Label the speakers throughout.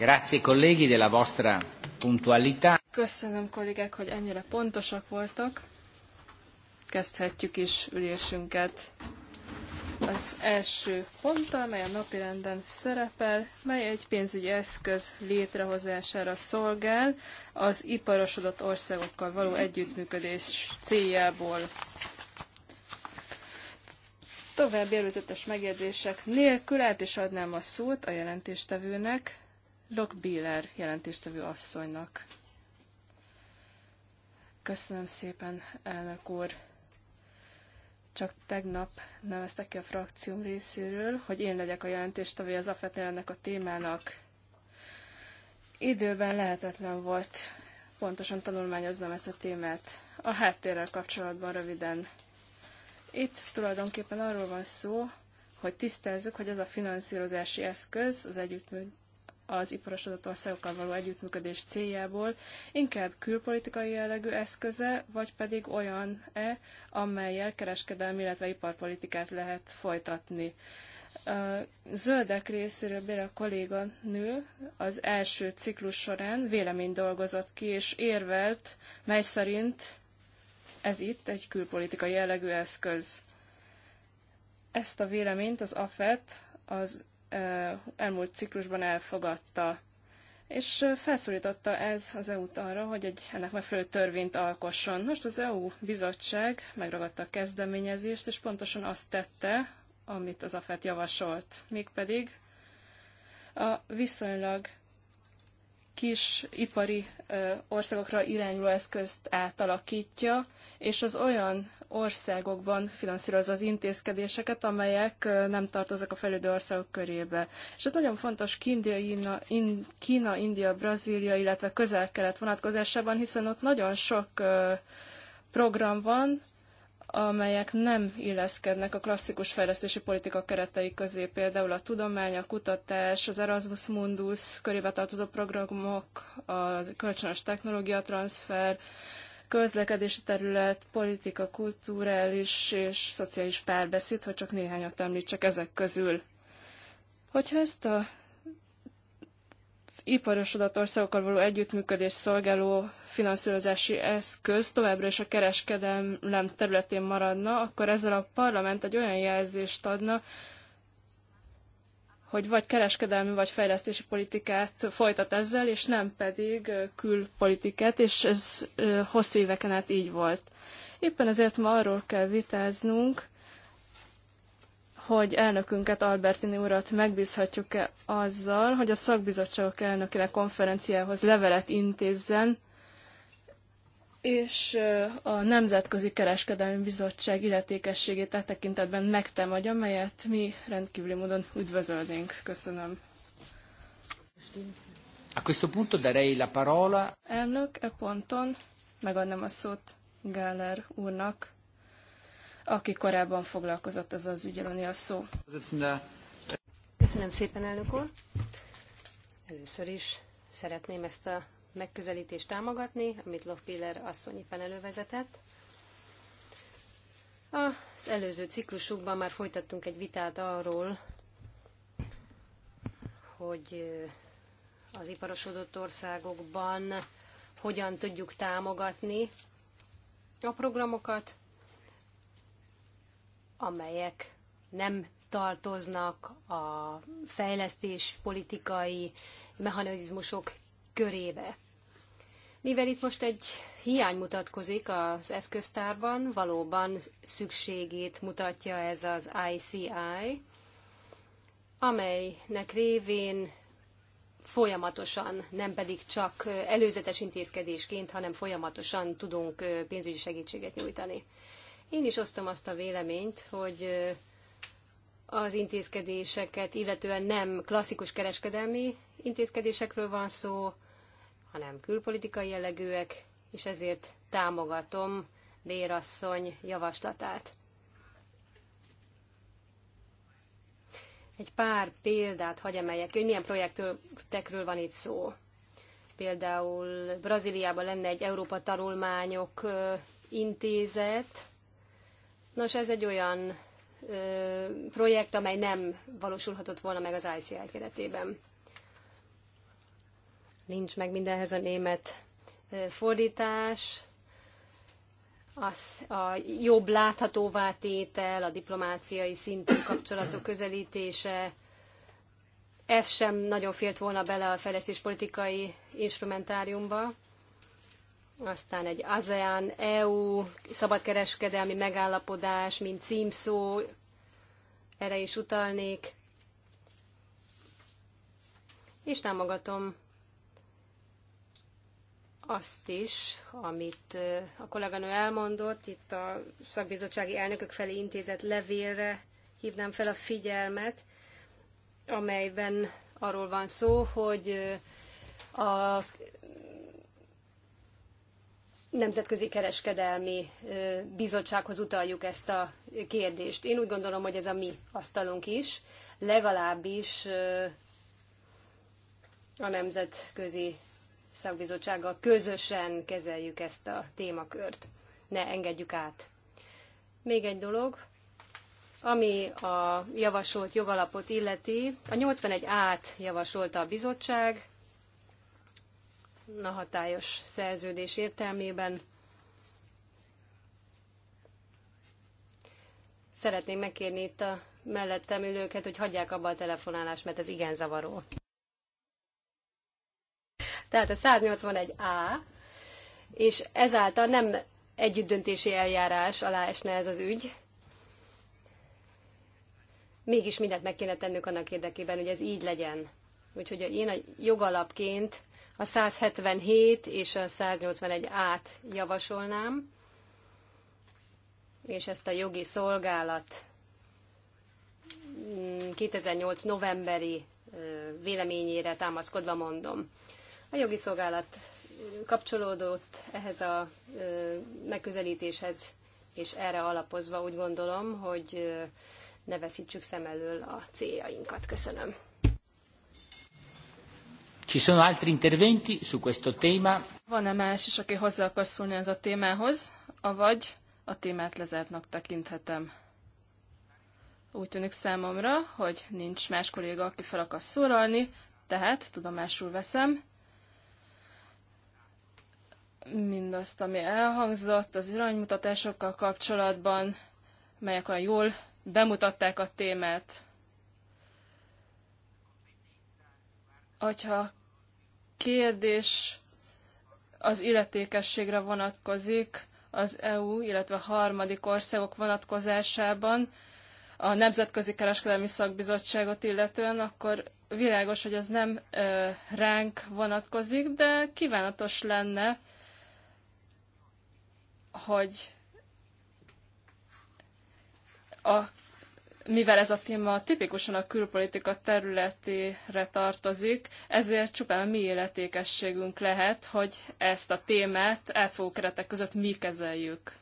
Speaker 1: Grazie colleghi della vostra puntualità.
Speaker 2: Köszönöm kollégák, hogy ennyire pontosak voltak. Kezdhetjük is ülésünket az első ponttal, mely a napirenden szerepel, mely egy pénzügyi eszköz létrehozására szolgál az iparosodott országokkal való együttműködés céljából. További előzetes megjegyzések nélkül át is adnám a szót a jelentéstevőnek, Biller jelentéstevő asszonynak. Köszönöm szépen, elnök úr. Csak tegnap neveztek ki a frakcióm részéről, hogy én legyek a jelentéstevője az afetnél ennek a témának. Időben lehetetlen volt pontosan tanulmányoznom ezt a témát. A háttérrel kapcsolatban röviden. Itt tulajdonképpen arról van szó, hogy tisztázzuk, hogy az a finanszírozási eszköz, az együttműködés, az iparosodott országokkal való együttműködés céljából, inkább külpolitikai jellegű eszköze, vagy pedig olyan-e, amelyel kereskedelmi, illetve iparpolitikát lehet folytatni. A zöldek részéről Béla nő, az első ciklus során vélemény dolgozott ki, és érvelt, mely szerint ez itt egy külpolitikai jellegű eszköz. Ezt a véleményt az AFET, az elmúlt ciklusban elfogadta. És felszólította ez az EU-t arra, hogy egy ennek megfelelő törvényt alkosson. Most az EU bizottság megragadta a kezdeményezést, és pontosan azt tette, amit az AFET javasolt. Mégpedig a viszonylag kis ipari országokra irányuló eszközt átalakítja, és az olyan országokban finanszírozza az intézkedéseket, amelyek nem tartoznak a fejlődő országok körébe. És ez nagyon fontos Kínia, India, Kína, India, Brazília, illetve közel-kelet vonatkozásában, hiszen ott nagyon sok program van, amelyek nem illeszkednek a klasszikus fejlesztési politika keretei közé, például a tudomány, a kutatás, az Erasmus Mundus körébe tartozó programok, a kölcsönös technológiatranszfer, közlekedési terület, politika, kulturális és szociális párbeszéd, hogy csak néhányat említsek ezek közül. Hogyha ezt a iparosodott országokkal való együttműködés szolgáló finanszírozási eszköz továbbra is a kereskedelem területén maradna, akkor ezzel a parlament egy olyan jelzést adna, hogy vagy kereskedelmi, vagy fejlesztési politikát folytat ezzel, és nem pedig külpolitikát, és ez hosszú éveken át így volt. Éppen ezért ma arról kell vitáznunk, hogy elnökünket, Albertini urat megbízhatjuk-e azzal, hogy a szakbizottságok elnökének konferenciához levelet intézzen, és a Nemzetközi Kereskedelmi Bizottság illetékességét e tekintetben megtámadja, melyet mi rendkívüli módon üdvözölnénk. Köszönöm.
Speaker 1: A questo punto darei la parola.
Speaker 2: Elnök, e ponton megadnám a szót Gáler úrnak, aki korábban foglalkozott ezzel az ügyel, a szó. Köszönöm szépen, elnök
Speaker 3: úr. Először is szeretném ezt a megközelítést támogatni, amit Lockpiller asszonyi éppen elővezetett. Az előző ciklusukban már folytattunk egy vitát arról, hogy az iparosodott országokban hogyan tudjuk támogatni a programokat, amelyek nem tartoznak a fejlesztés politikai mechanizmusok körébe. Mivel itt most egy hiány mutatkozik az eszköztárban, valóban szükségét mutatja ez az ICI, amelynek révén folyamatosan, nem pedig csak előzetes intézkedésként, hanem folyamatosan tudunk pénzügyi segítséget nyújtani. Én is osztom azt a véleményt, hogy az intézkedéseket, illetően nem klasszikus kereskedelmi intézkedésekről van szó, hanem külpolitikai jellegűek, és ezért támogatom Bérasszony javaslatát. Egy pár példát hagy emeljek, hogy milyen projektekről van itt szó. Például Brazíliában lenne egy Európa Tanulmányok Intézet. Nos, ez egy olyan projekt, amely nem valósulhatott volna meg az ICI keretében. Nincs meg mindenhez a német fordítás, az a jobb láthatóvá tétel, a diplomáciai szintű kapcsolatok közelítése, ez sem nagyon fért volna bele a fejlesztéspolitikai instrumentáriumba aztán egy ASEAN, EU, szabadkereskedelmi megállapodás, mint címszó, erre is utalnék. És támogatom azt is, amit a kolléganő elmondott, itt a szakbizottsági elnökök felé intézett levélre hívnám fel a figyelmet, amelyben arról van szó, hogy a nemzetközi kereskedelmi bizottsághoz utaljuk ezt a kérdést. Én úgy gondolom, hogy ez a mi asztalunk is, legalábbis a nemzetközi szakbizottsággal közösen kezeljük ezt a témakört. Ne engedjük át. Még egy dolog, ami a javasolt jogalapot illeti, a 81 át javasolta a bizottság, a hatályos szerződés értelmében. Szeretném megkérni itt a mellettem ülőket, hogy hagyják abba a telefonálást, mert ez igen zavaró. Tehát a 181A, és ezáltal nem együttdöntési eljárás alá esne ez az ügy. Mégis mindent meg kéne tennünk annak érdekében, hogy ez így legyen. Úgyhogy én a jogalapként a 177 és a 181 át javasolnám, és ezt a jogi szolgálat 2008. Mm, novemberi véleményére támaszkodva mondom. A jogi szolgálat kapcsolódott ehhez a megközelítéshez, és erre alapozva úgy gondolom, hogy ne veszítsük szem elől a céljainkat. Köszönöm.
Speaker 1: Ci sono altri interventi su questo tema?
Speaker 2: Van-e más is, aki hozzá akar szólni ez a témához, avagy a témát lezártnak tekinthetem? Úgy tűnik számomra, hogy nincs más kolléga, aki fel akar szólalni, tehát tudomásul veszem mindazt, ami elhangzott az iránymutatásokkal kapcsolatban, melyek olyan jól bemutatták a témát. Hogyha kérdés az illetékességre vonatkozik az EU, illetve harmadik országok vonatkozásában a Nemzetközi Kereskedelmi Szakbizottságot illetően, akkor világos, hogy ez nem ö, ránk vonatkozik, de kívánatos lenne, hogy a mivel ez a téma tipikusan a külpolitika területére tartozik, ezért csupán mi életékességünk lehet, hogy ezt a témát átfogó keretek között mi kezeljük.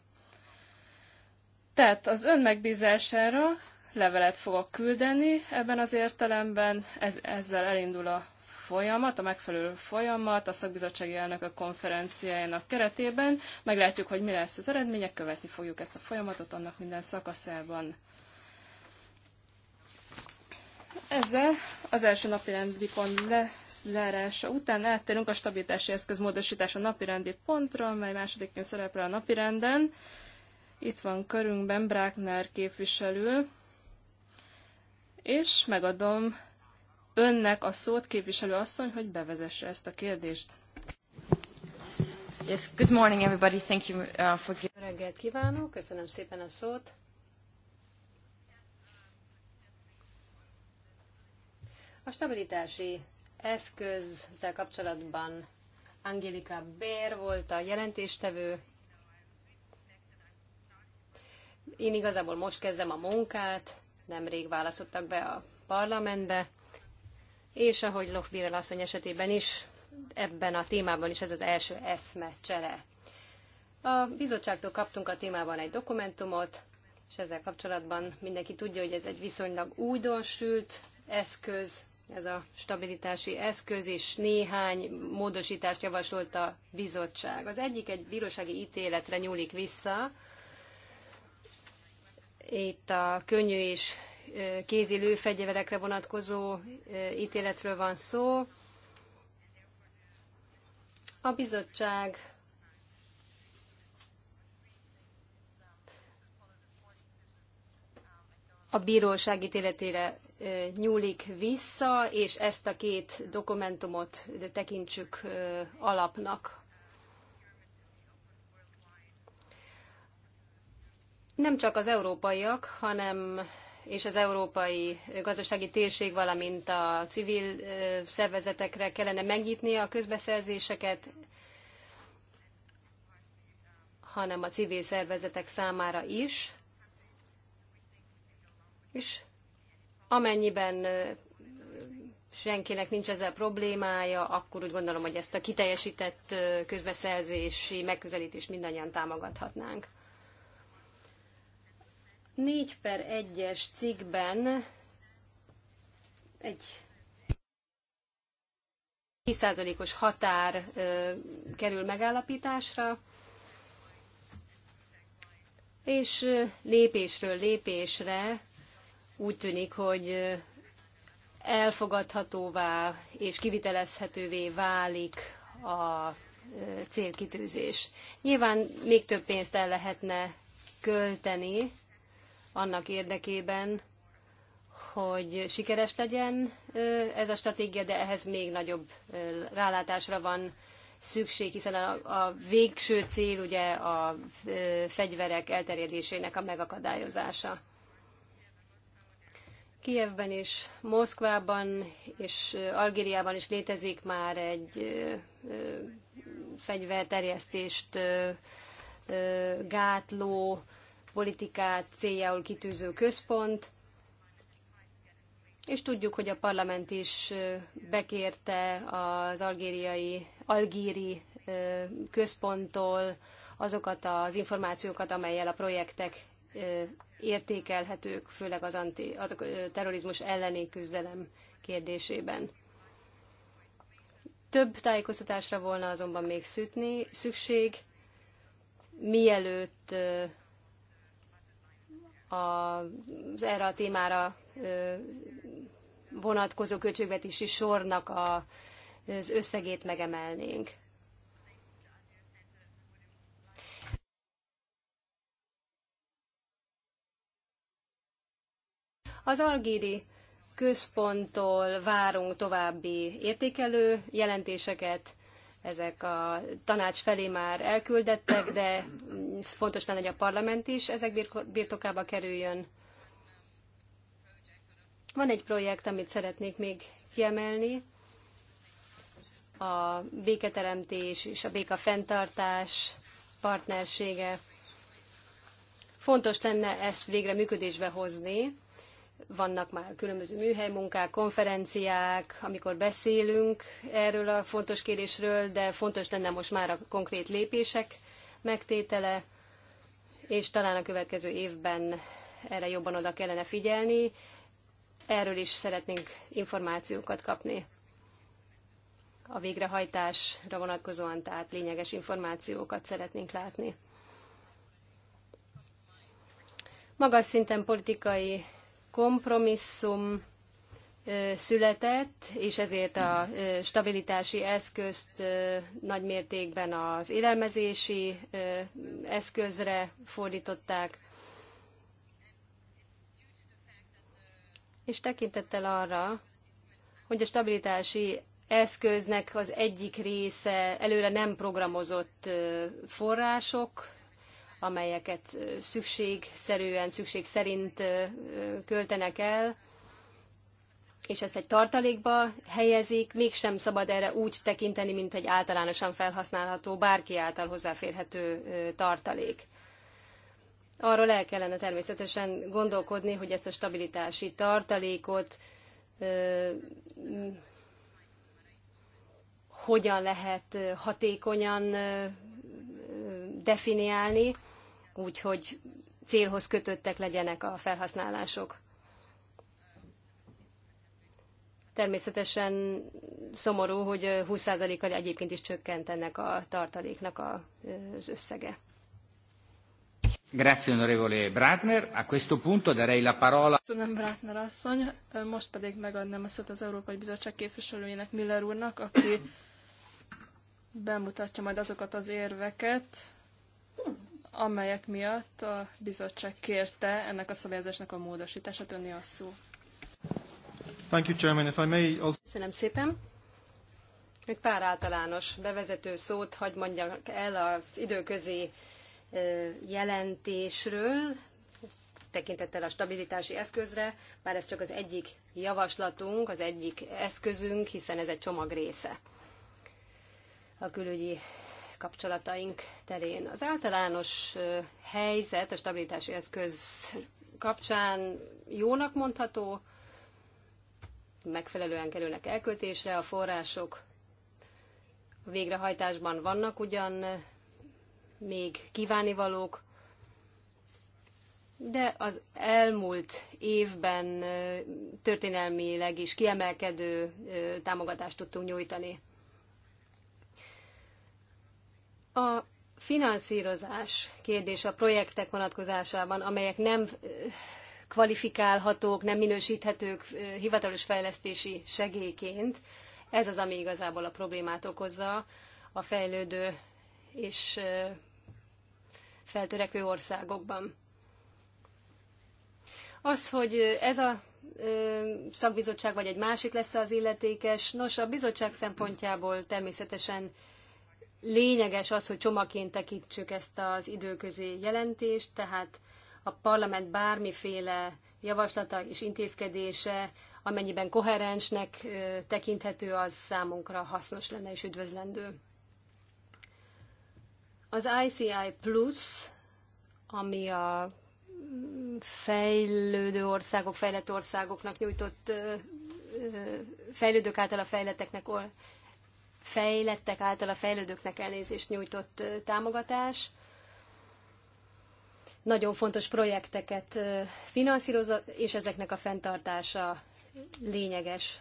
Speaker 2: Tehát az ön megbízására levelet fogok küldeni ebben az értelemben, ez, ezzel elindul a folyamat, a megfelelő folyamat a szakbizottsági a konferenciájának keretében. Meglátjuk, hogy mi lesz az eredmények, követni fogjuk ezt a folyamatot annak minden szakaszában. Ezzel az első napirendi pont lezárása után áttérünk a stabilitási eszköz módosítása napirendi pontra, mely másodikként szerepel a napirenden. Itt van körünkben Brákner képviselő, és megadom önnek a szót, képviselő asszony, hogy bevezesse ezt a kérdést. Yes, good morning everybody. Thank you uh, for...
Speaker 3: Reggelt kívánok, köszönöm szépen a szót. A stabilitási eszközzel kapcsolatban Angelika Bér volt a jelentéstevő. Én igazából most kezdem a munkát, nemrég választottak be a parlamentbe, és ahogy Birel asszony esetében is, ebben a témában is ez az első eszme csere. A bizottságtól kaptunk a témában egy dokumentumot, és ezzel kapcsolatban mindenki tudja, hogy ez egy viszonylag újdonsült eszköz, ez a stabilitási eszköz, és néhány módosítást javasolt a bizottság. Az egyik egy bírósági ítéletre nyúlik vissza, itt a könnyű és kézi lőfegyverekre vonatkozó ítéletről van szó. A bizottság a bíróság ítéletére nyúlik vissza, és ezt a két dokumentumot tekintsük alapnak. Nem csak az európaiak, hanem és az európai gazdasági térség, valamint a civil szervezetekre kellene megnyitni a közbeszerzéseket, hanem a civil szervezetek számára is. És Amennyiben senkinek nincs ezzel problémája, akkor úgy gondolom, hogy ezt a kiteljesített közbeszerzési megközelítést mindannyian támogathatnánk. 4 per 1-es cikkben egy 10%-os határ ö, kerül megállapításra, és lépésről lépésre úgy tűnik, hogy elfogadhatóvá és kivitelezhetővé válik a célkitűzés. Nyilván még több pénzt el lehetne költeni annak érdekében, hogy sikeres legyen ez a stratégia, de ehhez még nagyobb rálátásra van szükség, hiszen a, a végső cél ugye a fegyverek elterjedésének a megakadályozása. Kijevben és Moszkvában és Algériában is létezik már egy fegyverterjesztést gátló politikát céljául kitűző központ, és tudjuk, hogy a parlament is bekérte az algériai, algíri központtól azokat az információkat, amelyel a projektek értékelhetők, főleg az anti, a terrorizmus elleni küzdelem kérdésében. Több tájékoztatásra volna azonban még szütni, szükség, mielőtt az erre a témára vonatkozó költségvetési sornak a, az összegét megemelnénk. Az algéri központtól várunk további értékelő jelentéseket, ezek a tanács felé már elküldettek, de fontos lenne, hogy a parlament is ezek birtokába kerüljön. Van egy projekt, amit szeretnék még kiemelni, a béketeremtés és a béka fenntartás partnersége. Fontos lenne ezt végre működésbe hozni, vannak már különböző műhelymunkák, konferenciák, amikor beszélünk erről a fontos kérdésről, de fontos lenne most már a konkrét lépések megtétele, és talán a következő évben erre jobban oda kellene figyelni. Erről is szeretnénk információkat kapni. A végrehajtásra vonatkozóan, tehát lényeges információkat szeretnénk látni. Magas szinten politikai kompromisszum született, és ezért a stabilitási eszközt nagymértékben az élelmezési eszközre fordították. És tekintettel arra, hogy a stabilitási eszköznek az egyik része előre nem programozott források amelyeket szükségszerűen, szükség szerint költenek el, és ezt egy tartalékba helyezik, mégsem szabad erre úgy tekinteni, mint egy általánosan felhasználható, bárki által hozzáférhető tartalék. Arról el kellene természetesen gondolkodni, hogy ezt a stabilitási tartalékot hogyan lehet hatékonyan definiálni, úgyhogy célhoz kötöttek legyenek a felhasználások. Természetesen szomorú, hogy 20%-kal egyébként is csökkent ennek a tartaléknak
Speaker 2: az összege.
Speaker 1: Grazie onorevole Bratner. A questo punto darei la parola.
Speaker 2: Köszönöm Bratner asszony. Most pedig megadnám a szót az Európai Bizottság képviselőjének Miller úrnak, aki bemutatja majd azokat az érveket, amelyek miatt a bizottság kérte ennek a szabályozásnak a módosítását. Önni a szó.
Speaker 1: Thank you, Chairman. If I may also...
Speaker 2: Köszönöm
Speaker 3: szépen. Egy pár általános bevezető szót hagy mondjak el az időközi jelentésről, tekintettel a stabilitási eszközre, bár ez csak az egyik javaslatunk, az egyik eszközünk, hiszen ez egy csomag része. A külügyi kapcsolataink terén. Az általános helyzet a stabilitási eszköz kapcsán jónak mondható, megfelelően kerülnek elköltésre, a források a végrehajtásban vannak ugyan még kívánivalók, de az elmúlt évben történelmileg is kiemelkedő támogatást tudtunk nyújtani. A finanszírozás kérdés a projektek vonatkozásában, amelyek nem kvalifikálhatók, nem minősíthetők hivatalos fejlesztési segélyként, ez az, ami igazából a problémát okozza a fejlődő és feltörekvő országokban. Az, hogy ez a szakbizottság vagy egy másik lesz az illetékes, nos, a bizottság szempontjából természetesen lényeges az, hogy csomaként tekintsük ezt az időközi jelentést, tehát a parlament bármiféle javaslata és intézkedése, amennyiben koherensnek tekinthető, az számunkra hasznos lenne és üdvözlendő. Az ICI Plus, ami a mm, fejlődő országok, fejlett országoknak nyújtott fejlődők által a fejleteknek fejlettek által a fejlődőknek elnézést nyújtott támogatás. Nagyon fontos projekteket finanszírozott, és ezeknek a fenntartása lényeges,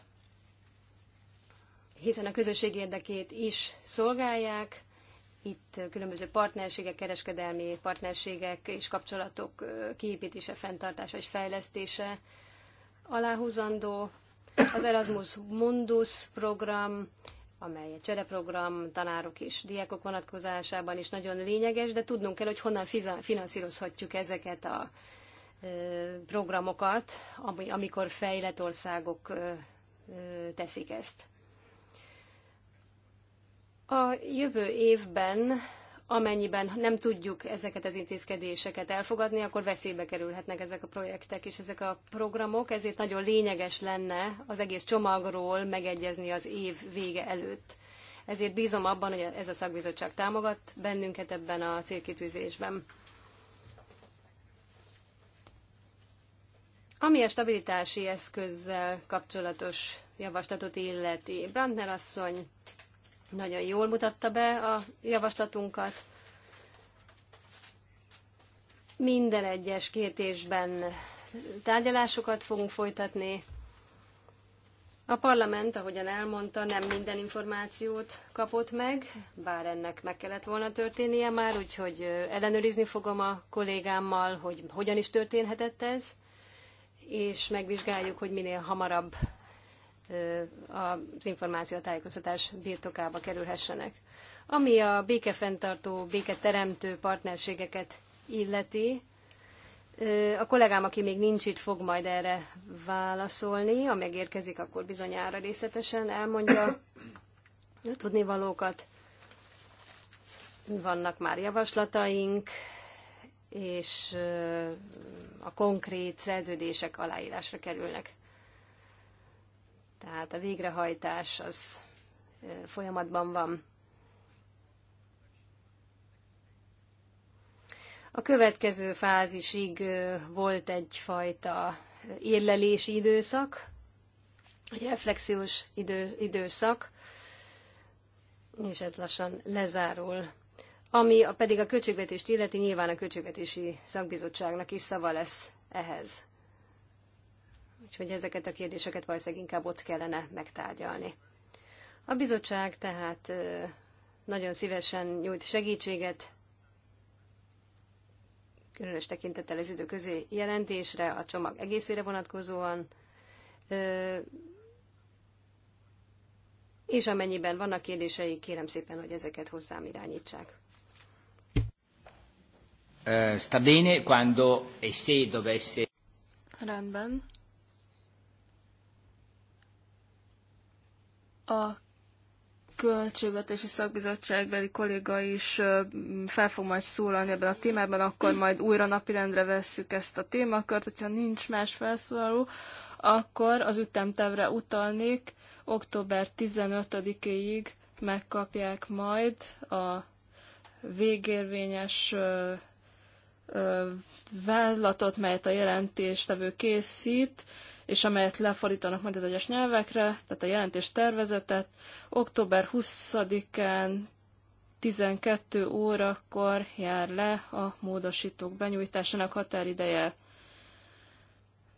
Speaker 3: hiszen a közösség érdekét is szolgálják, itt különböző partnerségek, kereskedelmi partnerségek és kapcsolatok kiépítése, fenntartása és fejlesztése aláhúzandó. Az Erasmus Mundus program amely egy csereprogram tanárok és diákok vonatkozásában is nagyon lényeges, de tudnunk kell, hogy honnan finanszírozhatjuk ezeket a programokat, amikor fejlett országok teszik ezt. A jövő évben amennyiben nem tudjuk ezeket az intézkedéseket elfogadni, akkor veszélybe kerülhetnek ezek a projektek és ezek a programok, ezért nagyon lényeges lenne az egész csomagról megegyezni az év vége előtt. Ezért bízom abban, hogy ez a szakbizottság támogat bennünket ebben a célkitűzésben. Ami a stabilitási eszközzel kapcsolatos javaslatot illeti, Brandner asszony nagyon jól mutatta be a javaslatunkat. Minden egyes kérdésben tárgyalásokat fogunk folytatni. A parlament, ahogyan elmondta, nem minden információt kapott meg, bár ennek meg kellett volna történnie már, úgyhogy ellenőrizni fogom a kollégámmal, hogy hogyan is történhetett ez, és megvizsgáljuk, hogy minél hamarabb az információtájékoztatás birtokába kerülhessenek. Ami a békefenntartó, béketeremtő partnerségeket illeti, a kollégám, aki még nincs itt, fog majd erre válaszolni. Ha megérkezik, akkor bizonyára részletesen elmondja a tudnivalókat. Vannak már javaslataink, és a konkrét szerződések aláírásra kerülnek. Tehát a végrehajtás az folyamatban van. A következő fázisig volt egyfajta érlelési időszak, egy reflexiós idő, időszak, és ez lassan lezárul. Ami a, pedig a költségvetést illeti, nyilván a költségvetési szakbizottságnak is szava lesz ehhez. Úgyhogy ezeket a kérdéseket valószínűleg inkább ott kellene megtárgyalni. A bizottság tehát nagyon szívesen nyújt segítséget, különös tekintettel az időközi jelentésre, a csomag egészére vonatkozóan, és amennyiben vannak kérdései, kérem szépen, hogy ezeket hozzám irányítsák.
Speaker 1: Sta bene quando e se dovesse.
Speaker 2: Rendben. A költségvetési szakbizottságbeli kolléga is fel fog majd szólalni ebben a témában, akkor majd újra napirendre vesszük ezt a témakört, hogyha nincs más felszólaló, akkor az ütemtevre utalnék, október 15-éig megkapják majd a végérvényes vállalatot, melyet a jelentéstevő készít, és amelyet lefordítanak majd az egyes nyelvekre, tehát a jelentés tervezetet október 20-án 12 órakor jár le a módosítók benyújtásának határideje.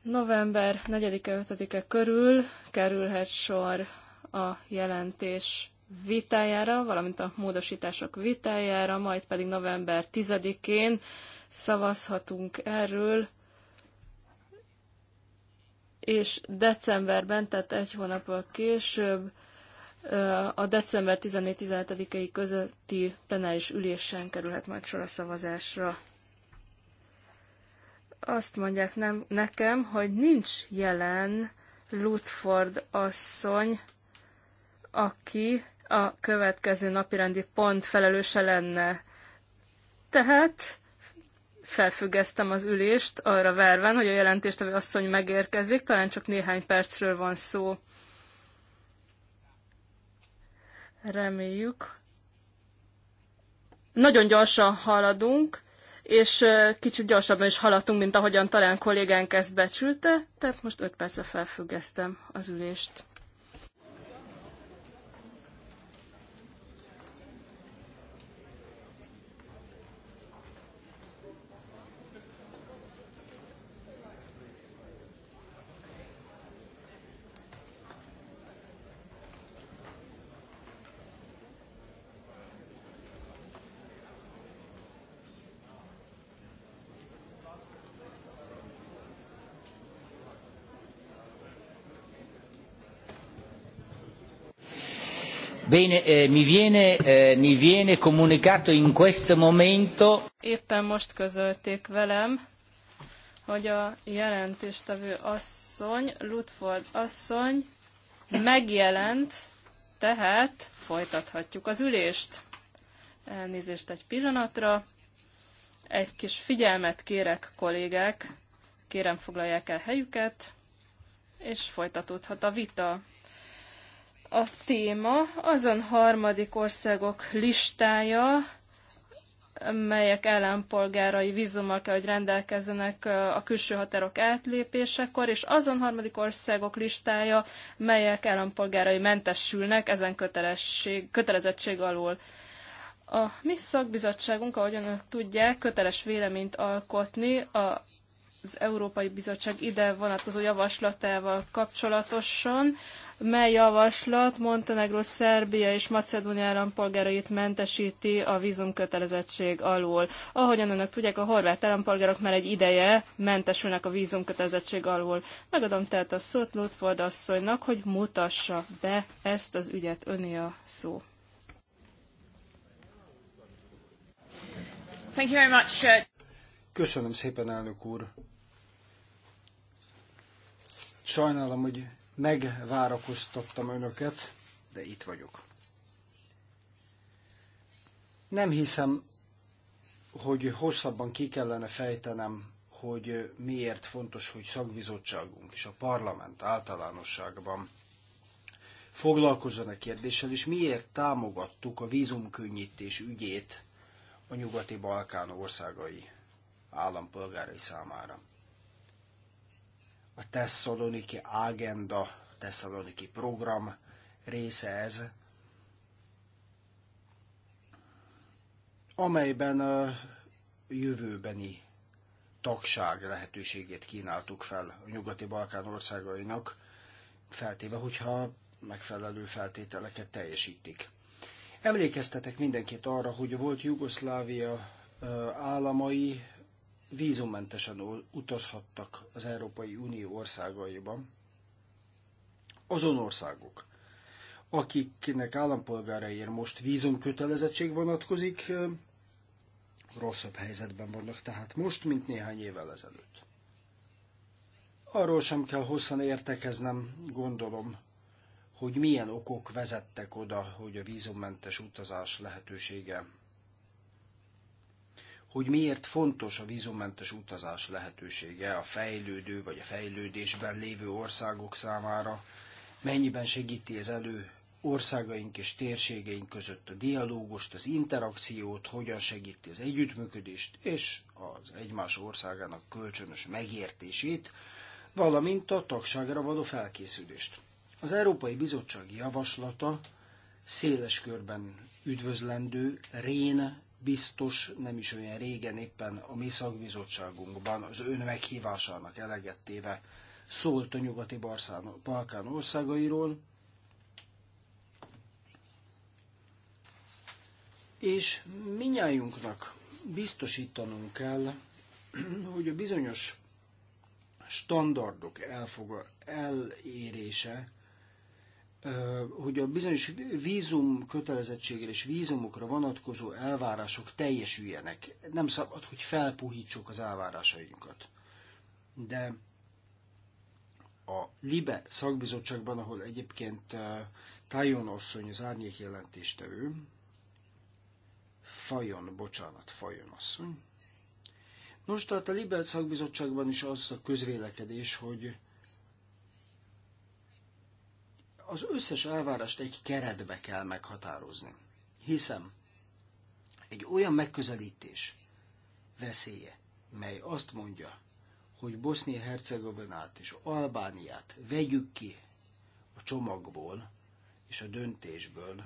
Speaker 2: November 4 5-e körül kerülhet sor a jelentés vitájára, valamint a módosítások vitájára, majd pedig november 10-én szavazhatunk erről és decemberben, tehát egy hónappal később a december 14 15 i közötti plenáris ülésen kerülhet majd sor a szavazásra. Azt mondják nem, nekem, hogy nincs jelen Lutford asszony, aki a következő napirendi pont felelőse lenne. Tehát felfüggesztem az ülést, arra várván, hogy a ami asszony megérkezik, talán csak néhány percről van szó. Reméljük. Nagyon gyorsan haladunk, és kicsit gyorsabban is haladtunk, mint ahogyan talán kollégánk ezt becsülte, tehát most 5 percre felfüggesztem az ülést.
Speaker 1: Bene, eh, mi, viene, eh, mi viene comunicato in questo momento.
Speaker 2: Éppen most közölték velem, hogy a jelentéstevő asszony, Lutford asszony megjelent, tehát folytathatjuk az ülést. Elnézést egy pillanatra. Egy kis figyelmet kérek, kollégák. Kérem foglalják el helyüket, és folytatódhat a vita a téma azon harmadik országok listája, melyek ellenpolgárai vízummal kell, hogy rendelkezzenek a külső határok átlépésekor, és azon harmadik országok listája, melyek ellenpolgárai mentesülnek ezen kötelesség, kötelezettség alól. A mi szakbizottságunk, ahogy önök tudják, köteles véleményt alkotni a az Európai Bizottság ide vonatkozó javaslatával kapcsolatosan, mely javaslat Montenegro, Szerbia és Macedónia állampolgárait mentesíti a vízumkötelezettség alól. Ahogyan önök tudják, a horvát állampolgárok már egy ideje mentesülnek a vízumkötelezettség alól. Megadom tehát a szót Lutford asszonynak, hogy mutassa be ezt az ügyet. Öné a szó. Thank you very much. Uh,
Speaker 1: Köszönöm szépen, elnök úr. Sajnálom, hogy megvárakoztattam önöket, de itt vagyok. Nem hiszem, hogy hosszabban ki kellene fejtenem, hogy miért fontos, hogy szakbizottságunk és a parlament általánosságban foglalkozzon a kérdéssel, és miért támogattuk a vízumkönnyítés ügyét a nyugati Balkán országai állampolgárai számára. A Tesszaloniki Agenda, Tesszaloniki Program része ez, amelyben a jövőbeni tagság lehetőségét kínáltuk fel a Nyugati-Balkán országainak, feltéve, hogyha megfelelő feltételeket teljesítik. Emlékeztetek mindenkit arra, hogy volt Jugoszlávia államai vízummentesen utazhattak az Európai Unió országaiban. Azon országok, akiknek állampolgáraiért most vízumkötelezettség vonatkozik, rosszabb helyzetben vannak tehát most, mint néhány évvel ezelőtt. Arról sem kell hosszan értekeznem, gondolom, hogy milyen okok vezettek oda, hogy a vízummentes utazás lehetősége hogy miért fontos a vízummentes utazás lehetősége a fejlődő vagy a fejlődésben lévő országok számára, mennyiben segíti ez elő országaink és térségeink között a dialógust, az interakciót, hogyan segíti az együttműködést és az egymás országának kölcsönös megértését, valamint a tagságra való felkészülést. Az Európai Bizottság javaslata széles körben üdvözlendő, rén biztos nem is olyan régen éppen a mi szakbizottságunkban az ön meghívásának elegettéve téve szólt a nyugati Balkán országairól, és minnyájunknak biztosítanunk kell, hogy a bizonyos standardok elfoga, elérése hogy a bizonyos vízum kötelezettségre és vízumokra vonatkozó elvárások teljesüljenek. Nem szabad, hogy felpuhítsuk az elvárásainkat. De a LIBE szakbizottságban, ahol egyébként Tájon asszony az árnyék jelentéstevő, Fajon, bocsánat, Fajon asszony. Nos, tehát a libe szakbizottságban is az a közvélekedés, hogy az összes elvárást egy keretbe kell meghatározni. Hiszem, egy olyan megközelítés veszélye, mely azt mondja, hogy Bosznia-Hercegovinát és Albániát vegyük ki a csomagból és a döntésből,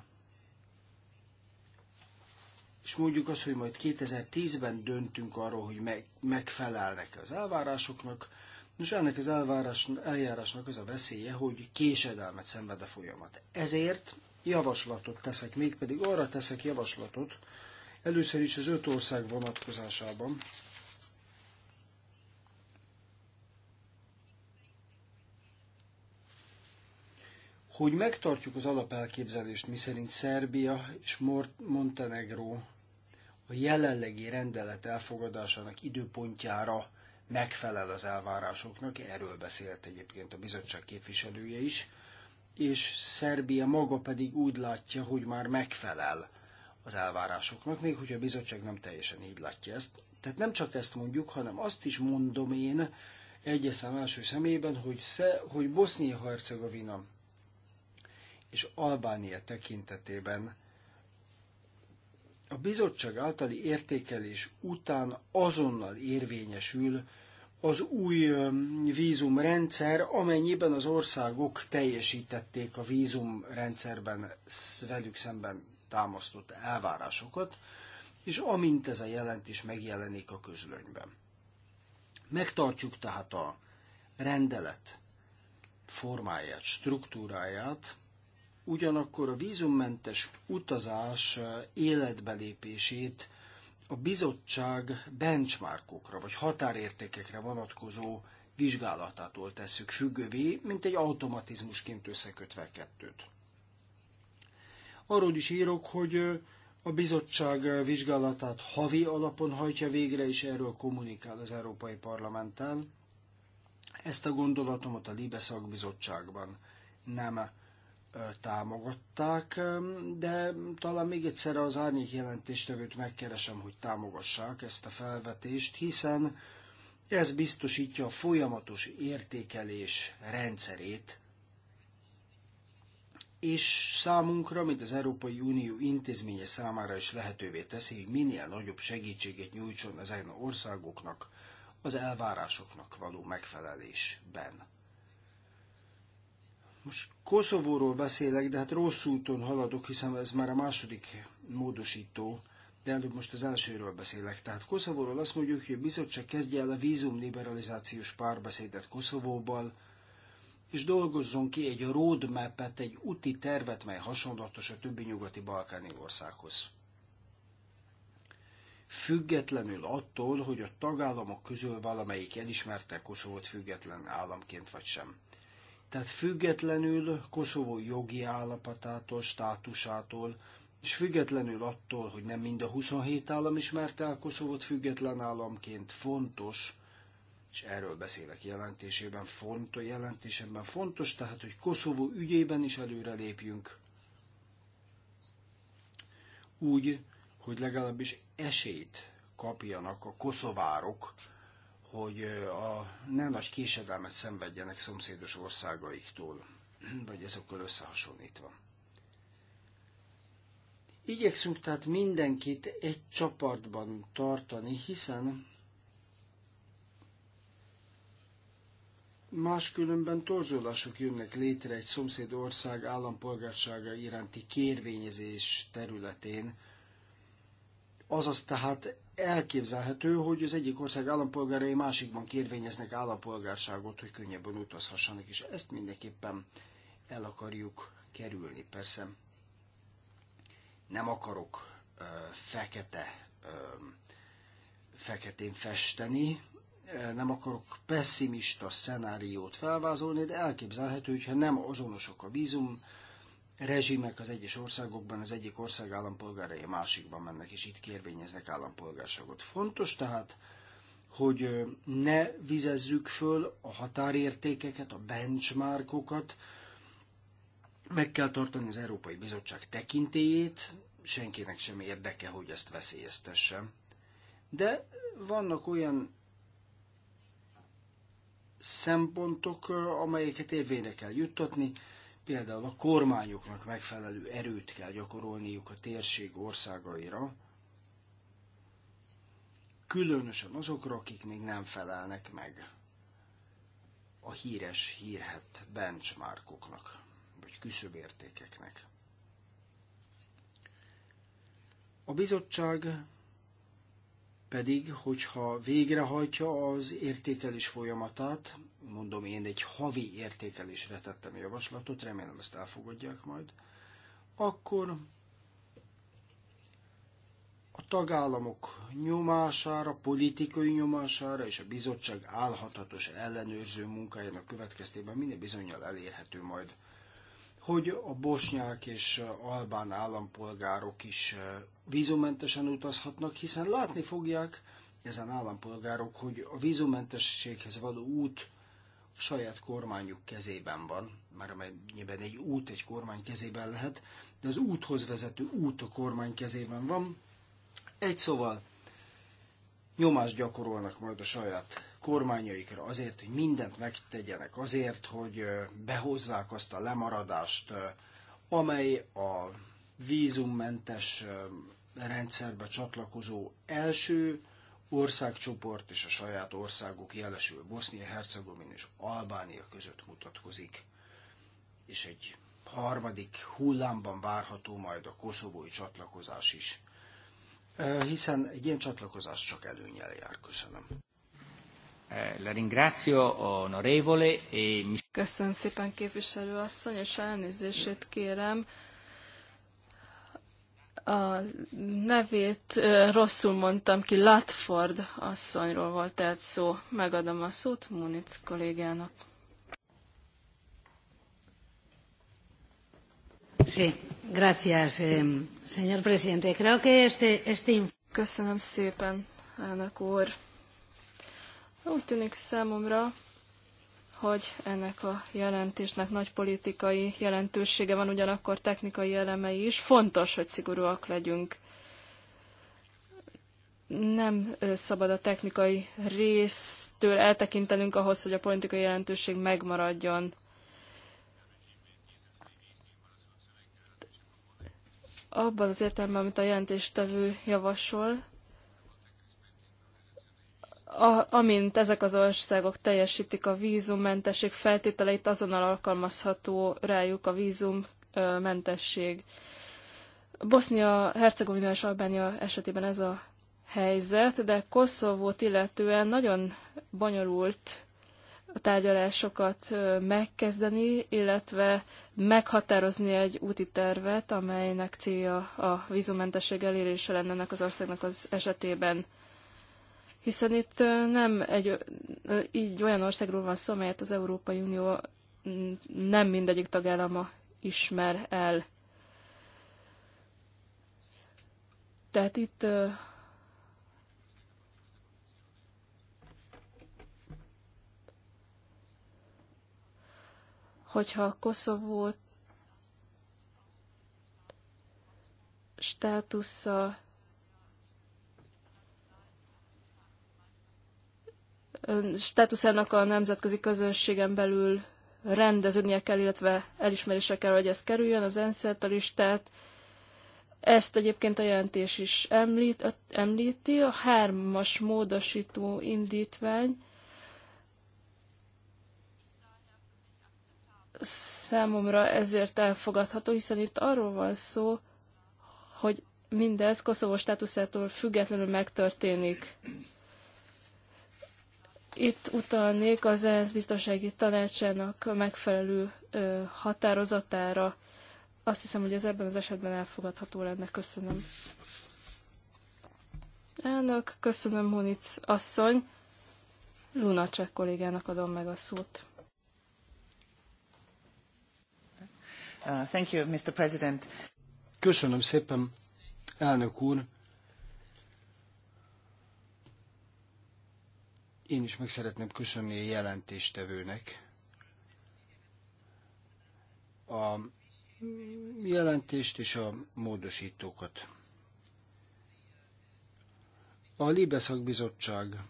Speaker 1: és mondjuk azt, hogy majd 2010-ben döntünk arról, hogy megfelelnek az elvárásoknak, Nos, ennek az elvárás, eljárásnak az a veszélye, hogy késedelmet szenved a folyamat. Ezért javaslatot teszek, mégpedig arra teszek javaslatot, először is az öt ország vonatkozásában, hogy megtartjuk az alapelképzelést, miszerint Szerbia és Montenegró a jelenlegi rendelet elfogadásának időpontjára megfelel az elvárásoknak, erről beszélt egyébként a bizottság képviselője is, és Szerbia maga pedig úgy látja, hogy már megfelel az elvárásoknak, még hogy a bizottság nem teljesen így látja ezt. Tehát nem csak ezt mondjuk, hanem azt is mondom én egyeszem első szemében, hogy, sze, hogy Bosznia-Hercegovina és Albánia tekintetében a bizottság általi értékelés után azonnal érvényesül az új vízumrendszer, amennyiben az országok teljesítették a vízumrendszerben velük szemben támasztott elvárásokat, és amint ez a jelentés megjelenik a közlönyben. Megtartjuk tehát a rendelet formáját, struktúráját, Ugyanakkor a vízummentes utazás eh, életbelépését a bizottság benchmarkokra vagy határértékekre vonatkozó vizsgálatától tesszük függővé, mint egy automatizmusként összekötve kettőt. Arról is írok, hogy eh, a bizottság eh, vizsgálatát havi alapon hajtja végre, és erről kommunikál az Európai Parlamenttel. Ezt a gondolatomot a Libeszak bizottságban, nem támogatták, de talán még egyszer az árnyék jelentéstevőt megkeresem, hogy támogassák ezt a felvetést, hiszen ez biztosítja a folyamatos értékelés rendszerét, és számunkra, mint az Európai Unió intézménye számára is lehetővé teszi, hogy minél nagyobb segítséget nyújtson ezen országoknak az elvárásoknak való megfelelésben. Most Koszovóról beszélek, de hát rossz úton haladok, hiszen ez már a második módosító, de előbb most az elsőről beszélek. Tehát Koszovóról azt mondjuk, hogy a bizottság kezdje el a vízum liberalizációs párbeszédet Koszovóval, és dolgozzon ki egy roadmap-et, egy úti tervet, mely hasonlatos a többi nyugati balkáni országhoz. Függetlenül attól, hogy a tagállamok közül valamelyik elismerte Koszovót független államként vagy sem. Tehát függetlenül Koszovó jogi állapotától, státusától, és függetlenül attól, hogy nem mind a 27 állam ismerte el Koszovot független államként, fontos, és erről beszélek jelentésében, fontos jelentésemben fontos, tehát, hogy Koszovó ügyében is előre lépjünk. Úgy, hogy legalábbis esélyt kapjanak a koszovárok hogy a nem nagy késedelmet szenvedjenek szomszédos országaiktól, vagy ezokkal összehasonlítva. Igyekszünk tehát mindenkit egy csapatban tartani, hiszen Máskülönben torzulások jönnek létre egy szomszéd ország állampolgársága iránti kérvényezés területén, Azaz tehát elképzelhető, hogy az egyik ország állampolgárai másikban kérvényeznek állampolgárságot, hogy könnyebben utazhassanak, és ezt mindenképpen el akarjuk kerülni. Persze nem akarok ö, fekete, ö, feketén festeni, nem akarok pessimista szenáriót felvázolni, de elképzelhető, hogyha nem azonosok a vízum, rezsimek az egyes országokban, az egyik ország állampolgárai a másikban mennek, és itt kérvényeznek állampolgárságot. Fontos tehát, hogy ne vizezzük föl a határértékeket, a benchmarkokat, meg kell tartani az Európai Bizottság tekintélyét, senkinek sem érdeke, hogy ezt veszélyeztesse. De vannak olyan szempontok, amelyeket érvényre kell juttatni, Például a kormányoknak megfelelő erőt kell gyakorolniuk a térség országaira, különösen azokra, akik még nem felelnek meg a híres hírhet benchmarkoknak, vagy küszöbértékeknek. A bizottság pedig, hogyha végrehajtja az értékelés folyamatát, mondom én, egy havi értékelésre tettem javaslatot, remélem ezt elfogadják majd, akkor a tagállamok nyomására, politikai nyomására és a bizottság állhatatos ellenőrző munkájának következtében minden bizonyal elérhető majd, hogy a bosnyák és albán állampolgárok is eh, vízumentesen utazhatnak, hiszen látni fogják ezen állampolgárok, hogy a vízumentességhez való út saját kormányuk kezében van, már amennyiben egy út egy kormány kezében lehet, de az úthoz vezető út a kormány kezében van. Egy szóval nyomást gyakorolnak majd a saját kormányaikra azért, hogy mindent megtegyenek azért, hogy behozzák azt a lemaradást, amely a vízummentes rendszerbe csatlakozó első országcsoport és a saját országok jelesül Bosznia-Hercegovin és Albánia között mutatkozik, és egy harmadik hullámban várható majd a koszovói csatlakozás is, eh, hiszen egy ilyen csatlakozás csak előnyel jár. Köszönöm. Eh, la ringrazio, onorevole, e...
Speaker 2: Köszönöm szépen, képviselő asszony, és elnézését kérem a nevét rosszul mondtam ki, Latford asszonyról volt tehát szó. Megadom a szót Munic kollégának.
Speaker 3: Sí, gracias, eh,
Speaker 2: señor presidente. Creo que este, este... Köszönöm szépen, elnök úr. Úgy tűnik számomra, hogy ennek a jelentésnek nagy politikai jelentősége van, ugyanakkor technikai elemei is. Fontos, hogy szigorúak legyünk. Nem szabad a technikai résztől eltekintenünk ahhoz, hogy a politikai jelentőség megmaradjon. Abban az értelemben, amit a jelentéstevő javasol, a, amint ezek az országok teljesítik a vízummentesség feltételeit, azonnal alkalmazható rájuk a vízummentesség. Bosznia-Hercegovina és Albánia esetében ez a helyzet, de Koszovót illetően nagyon bonyolult a tárgyalásokat megkezdeni, illetve meghatározni egy úti tervet, amelynek célja a vízumentesség elérése lenne ennek az országnak az esetében hiszen itt nem egy így olyan országról van szó, amelyet az Európai Unió mm, nem mindegyik tagállama ismer el. Tehát itt hogyha Koszovó státusza státuszának a nemzetközi közönségen belül rendeződnie kell, illetve elismerésre kell, hogy ez kerüljön az ENSZ a listát. Ezt egyébként a jelentés is említ, említi. A hármas módosító indítvány számomra ezért elfogadható, hiszen itt arról van szó, hogy mindez Koszovó státuszától függetlenül megtörténik. Itt utalnék az ENSZ biztonsági tanácsának megfelelő határozatára. Azt hiszem, hogy ez ebben az esetben elfogadható lenne. Köszönöm. Elnök, köszönöm Hunic asszony. Csak kollégának adom meg a szót.
Speaker 1: Uh, thank you, Mr. President. Köszönöm szépen, elnök úr. Én is meg szeretném köszönni a jelentéstevőnek. A jelentést és a módosítókat. A Libe szakbizottságból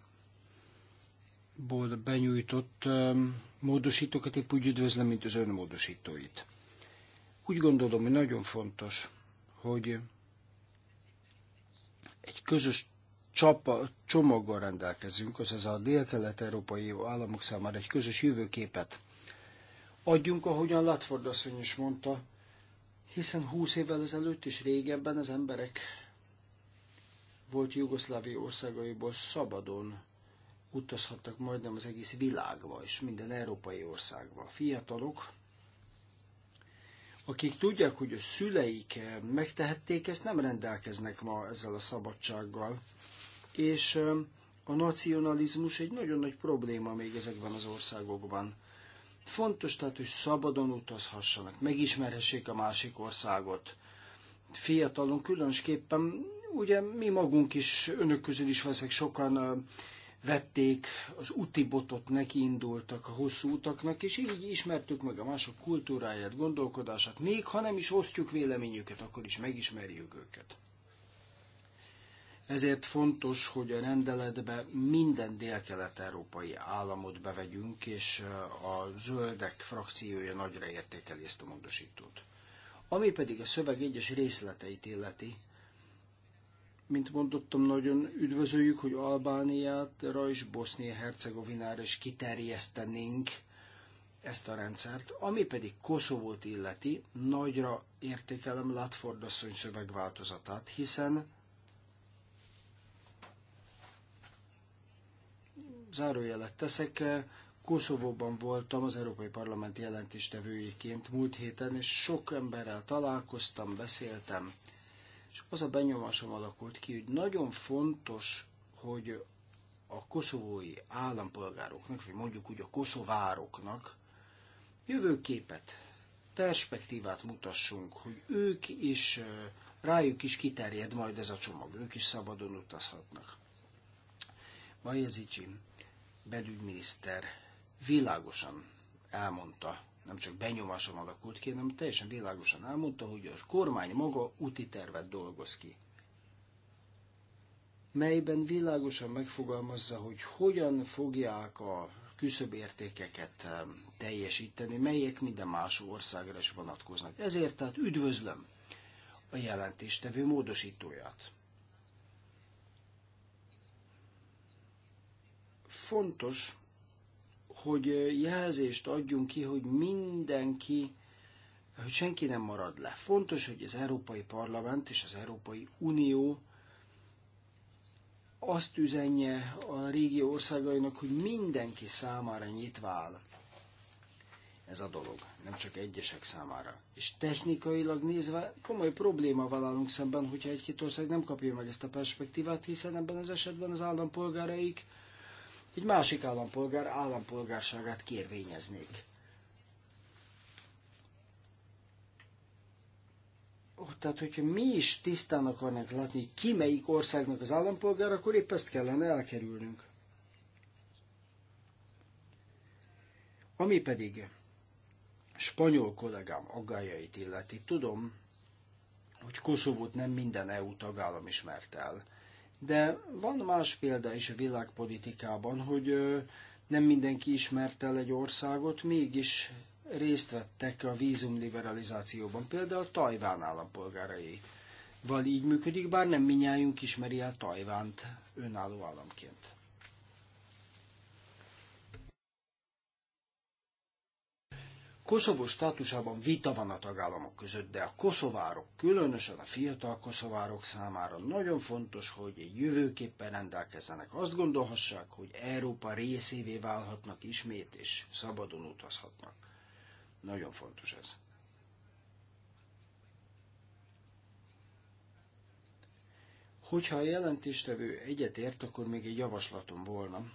Speaker 1: benyújtott um, módosítókat épp úgy üdvözlöm, mint az önmódosítóit. Úgy gondolom, hogy nagyon fontos, hogy egy közös csapa, csomaggal rendelkezünk, azaz a dél-kelet-európai államok számára egy közös jövőképet adjunk, ahogyan Latford asszony is mondta, hiszen húsz évvel ezelőtt is régebben az emberek volt Jugoszlávia országaiból szabadon utazhattak majdnem az egész világba, és minden európai országba. Fiatalok, akik tudják, hogy a szüleik megtehették, ezt nem rendelkeznek ma ezzel a szabadsággal, és a nacionalizmus egy nagyon nagy probléma még ezekben az országokban. Fontos tehát, hogy szabadon utazhassanak, megismerhessék a másik országot. Fiatalon különösképpen, ugye mi magunk is, önök közül is veszek, sokan vették az úti botot, neki indultak a hosszú utaknak, és így ismertük meg a mások kultúráját, gondolkodását, még ha nem is osztjuk véleményüket, akkor is megismerjük őket. Ezért fontos, hogy a rendeletbe minden délkelet-európai államot bevegyünk, és eh, a zöldek frakciója nagyra értékeli ezt a módosítót. Ami pedig a szöveg egyes részleteit illeti, mint mondottam, nagyon üdvözöljük, hogy Albániára és Bosznia-Hercegovinára is kiterjesztenénk ezt a rendszert. Ami pedig Koszovót illeti, nagyra értékelem Latford asszony szövegváltozatát, hiszen zárójelet teszek, eh, Koszovóban voltam az Európai Parlament jelentéstevőjéként múlt héten, és sok emberrel találkoztam, beszéltem, és az a benyomásom alakult ki, hogy nagyon fontos, hogy a koszovói állampolgároknak, vagy mondjuk úgy a koszovároknak jövőképet, perspektívát mutassunk, hogy ők is, eh, rájuk is kiterjed majd ez a csomag, ők is szabadon utazhatnak. Majezicsi belügyminiszter világosan elmondta, nem csak benyomásom alakult ki, hanem teljesen világosan elmondta, hogy a kormány maga úti tervet dolgoz ki melyben világosan megfogalmazza, hogy hogyan fogják a küszöbértékeket teljesíteni, melyek minden más országra is vonatkoznak. Ezért tehát üdvözlöm a jelentéstevő módosítóját, fontos, hogy jelzést adjunk ki, hogy mindenki, hogy senki nem marad le. Fontos, hogy az Európai Parlament és az Európai Unió azt üzenje a régi országainak, hogy mindenki számára nyitva áll ez a dolog, nem csak egyesek számára. És technikailag nézve komoly probléma vállalunk szemben, hogyha egy-két ország nem kapja meg ezt a perspektívát, hiszen ebben az esetben az állampolgáraik egy másik állampolgár állampolgárságát kérvényeznék. tehát hogyha mi is tisztán akarnak látni, ki melyik országnak az állampolgár, akkor épp ezt kellene elkerülnünk. Ami pedig spanyol kollégám aggájait illeti, tudom, hogy Koszovót nem minden EU tagállam ismert el, de van más példa is a világpolitikában, hogy nem mindenki ismerte el egy országot, mégis részt vettek a vízum liberalizációban, például Tajván állampolgárai. Val így működik, bár nem minnyájunk ismeri el Tajvánt önálló államként. Koszovó státusában vita van a tagállamok között, de a koszovárok, különösen a fiatal koszovárok számára nagyon fontos, hogy egy jövőképpen rendelkezzenek. Azt gondolhassák, hogy Európa részévé válhatnak ismét, és szabadon utazhatnak. Nagyon fontos ez. Hogyha a jelentéstevő egyetért, akkor még egy javaslatom volna.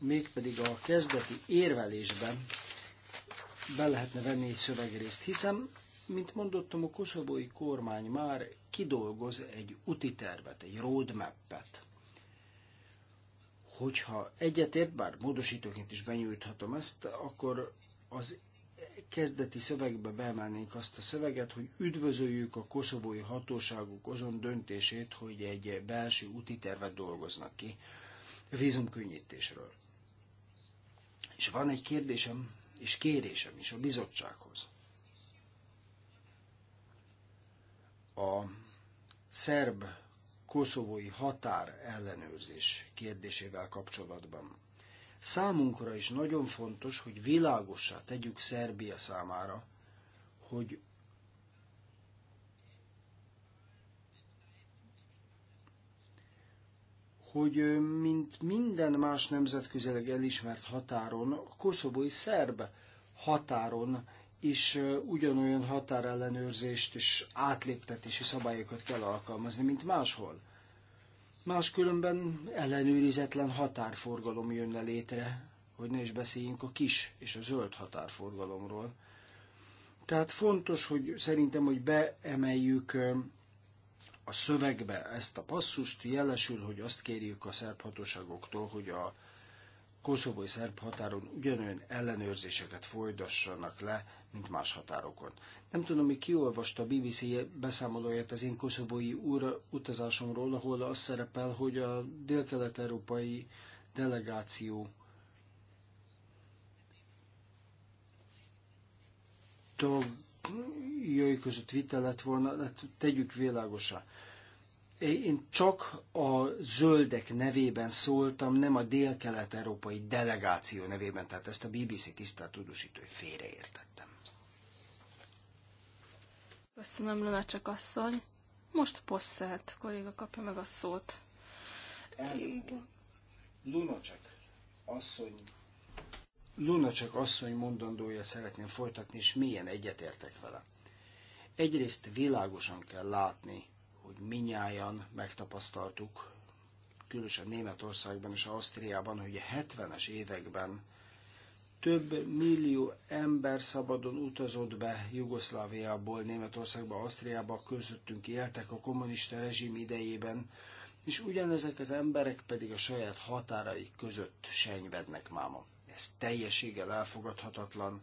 Speaker 1: Mégpedig a kezdeti érvelésben be lehetne venni egy szövegrészt, hiszen, mint mondottam, a koszovói kormány már kidolgoz egy úti tervet, egy roadmap-et. Hogyha egyetért, bár módosítóként is benyújthatom ezt, akkor az kezdeti szövegbe beemelnénk azt a szöveget, hogy üdvözöljük a koszovói hatóságok azon döntését, hogy egy belső úti tervet dolgoznak ki vízumkönnyítésről. És van egy kérdésem és kérésem is a bizottsághoz. A szerb koszovói határ ellenőrzés kérdésével kapcsolatban. Számunkra is nagyon fontos, hogy világossá tegyük Szerbia számára, hogy hogy mint minden más nemzetközileg elismert határon, a koszobói szerb határon is ugyanolyan határellenőrzést és átléptetési szabályokat kell alkalmazni, mint máshol. Máskülönben ellenőrizetlen határforgalom jönne létre, hogy ne is beszéljünk a kis és a zöld határforgalomról. Tehát fontos, hogy szerintem, hogy beemeljük a szövegbe ezt a passzust, jelesül, hogy azt kérjük a szerb hatóságoktól, hogy a koszovói szerb határon ugyanolyan ellenőrzéseket folytassanak le, mint más határokon. Nem tudom, hogy kiolvasta a BBC beszámolóját az én koszovói úr utazásomról, ahol az szerepel, hogy a dél-kelet-európai delegáció tag, jöjj között vita lett volna, lett, tegyük világosá. Én csak a zöldek nevében szóltam, nem a dél-kelet-európai delegáció nevében, tehát ezt a BBC tisztelt tudósítói félreértettem.
Speaker 2: Köszönöm, Lena csak asszony. Most posszelt, kolléga kapja meg a szót.
Speaker 1: El, Igen. Lunacek asszony Luna csak asszony mondandója szeretném folytatni, és milyen egyetértek vele. Egyrészt világosan kell látni, hogy minnyáján megtapasztaltuk, különösen Németországban és Ausztriában, hogy a 70-es években több millió ember szabadon utazott be Jugoszláviából, Németországba, Ausztriába, közöttünk éltek a kommunista rezsim idejében, és ugyanezek az emberek pedig a saját határaik között senyvednek máma. Ez teljességgel elfogadhatatlan.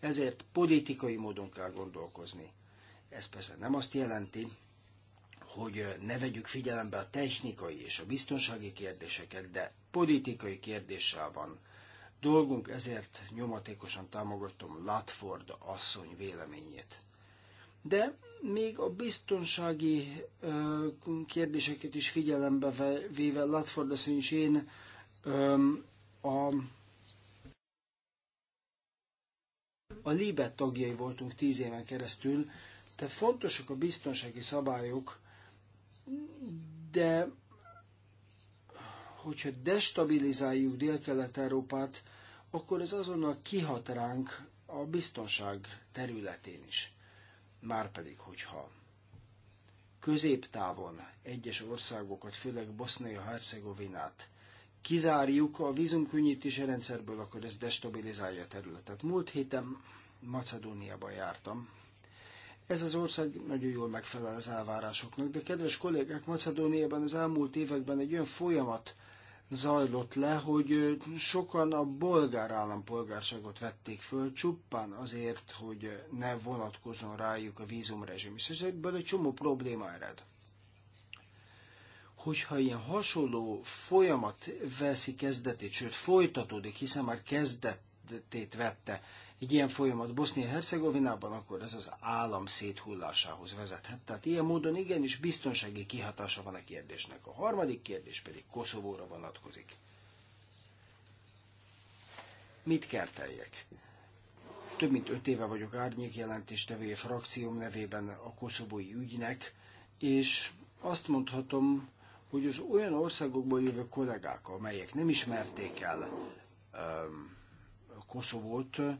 Speaker 1: Ezért politikai módon kell gondolkozni. Ez persze nem azt jelenti, hogy ne vegyük figyelembe a technikai és a biztonsági kérdéseket, de politikai kérdéssel van dolgunk, ezért nyomatékosan támogatom Latford asszony véleményét. De még a biztonsági ö, kérdéseket is figyelembe véve Latford asszony is én ö, a a Libet tagjai voltunk tíz éven keresztül, tehát fontosak a biztonsági szabályok, de hogyha destabilizáljuk Dél-Kelet-Európát, akkor ez azonnal kihat ránk a biztonság területén is. Márpedig, hogyha középtávon egyes országokat, főleg Bosznia-Hercegovinát kizárjuk a vízumkönnyítési rendszerből, akkor ez destabilizálja a területet. Múlt héten Macedóniában jártam. Ez az ország nagyon jól megfelel az elvárásoknak, de kedves kollégák, Macedóniában az elmúlt években egy olyan folyamat zajlott le, hogy sokan a bolgár állampolgárságot vették föl csupán azért, hogy ne vonatkozzon rájuk a vízumrezsim, és ebből egy csomó probléma ered hogyha ilyen hasonló folyamat veszi kezdetét, sőt folytatódik, hiszen már kezdetét vette egy ilyen folyamat Bosznia-Hercegovinában, akkor ez az állam széthullásához vezethet. Tehát ilyen módon igenis biztonsági kihatása van a kérdésnek. A harmadik kérdés pedig Koszovóra vonatkozik. Mit kerteljek? Több mint öt éve vagyok árnyék jelentéstevője frakcióm nevében a koszovói ügynek, és azt mondhatom, hogy az olyan országokból jövő kollégák, amelyek nem ismerték el um, Koszovót, eh,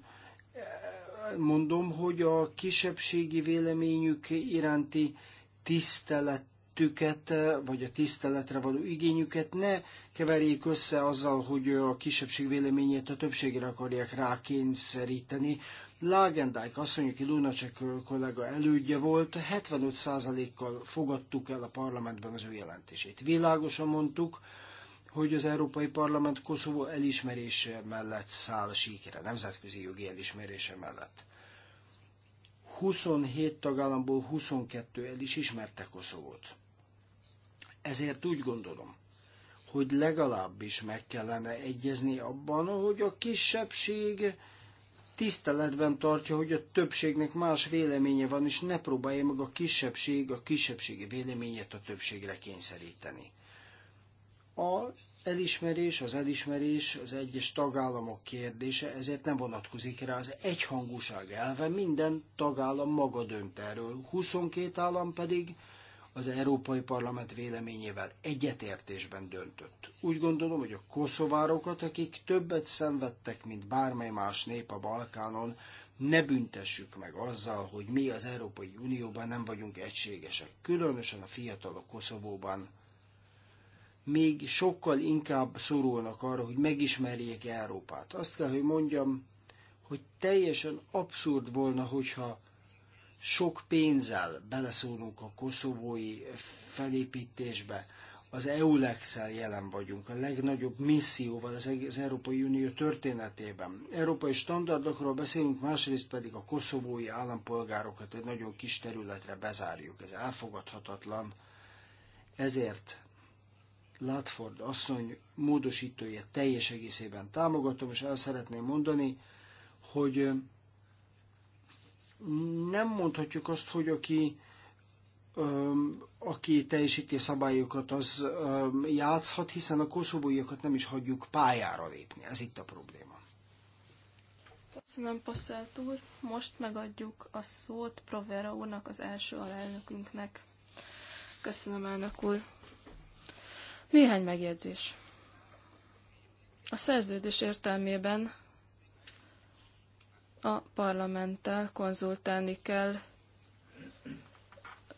Speaker 1: mondom, hogy a kisebbségi véleményük iránti tiszteletüket, eh, vagy a tiszteletre való igényüket ne keverjék össze azzal, hogy a kisebbség véleményét a többségre akarják rákényszeríteni, Lagendijk asszony, aki Lunacek kollega elődje volt, 75%-kal fogadtuk el a parlamentben az ő jelentését. Világosan mondtuk, hogy az Európai Parlament Koszovó elismerése mellett száll síkére, nemzetközi jogi elismerése mellett. 27 tagállamból 22 el is ismerte Koszovót. Ezért úgy gondolom, hogy legalábbis meg kellene egyezni abban, hogy a kisebbség tiszteletben tartja, hogy a többségnek más véleménye van, és ne próbálja meg a kisebbség a kisebbségi véleményét a többségre kényszeríteni. A elismerés, az elismerés az egyes tagállamok kérdése, ezért nem vonatkozik rá az egyhangúság elve, minden tagállam maga dönt erről, 22 állam pedig az Európai Parlament véleményével egyetértésben döntött. Úgy gondolom, hogy a koszovárokat, akik többet szenvedtek, mint bármely más nép a Balkánon, ne büntessük meg azzal, hogy mi az Európai Unióban nem vagyunk egységesek, különösen a fiatalok Koszovóban. Még sokkal inkább szorulnak arra, hogy megismerjék Európát. Azt kell, hogy mondjam, hogy teljesen abszurd volna, hogyha sok pénzzel beleszólunk a koszovói felépítésbe, az EULEX-el jelen vagyunk, a legnagyobb misszióval az, az Európai Unió történetében. Európai standardokról beszélünk, másrészt pedig a koszovói állampolgárokat egy nagyon kis területre bezárjuk. Ez elfogadhatatlan. Ezért Latford asszony módosítója teljes egészében támogatom, és el szeretném mondani, hogy nem mondhatjuk azt, hogy aki aki teljesíti a szabályokat, az játszhat, hiszen a koszovóiakat nem is hagyjuk pályára lépni. Ez itt a probléma.
Speaker 2: Köszönöm, Passzelt úr. Most megadjuk a szót Provera úrnak, az első alelnökünknek. Köszönöm, elnök úr. Néhány megjegyzés. A szerződés értelmében a parlamenttel konzultálni kell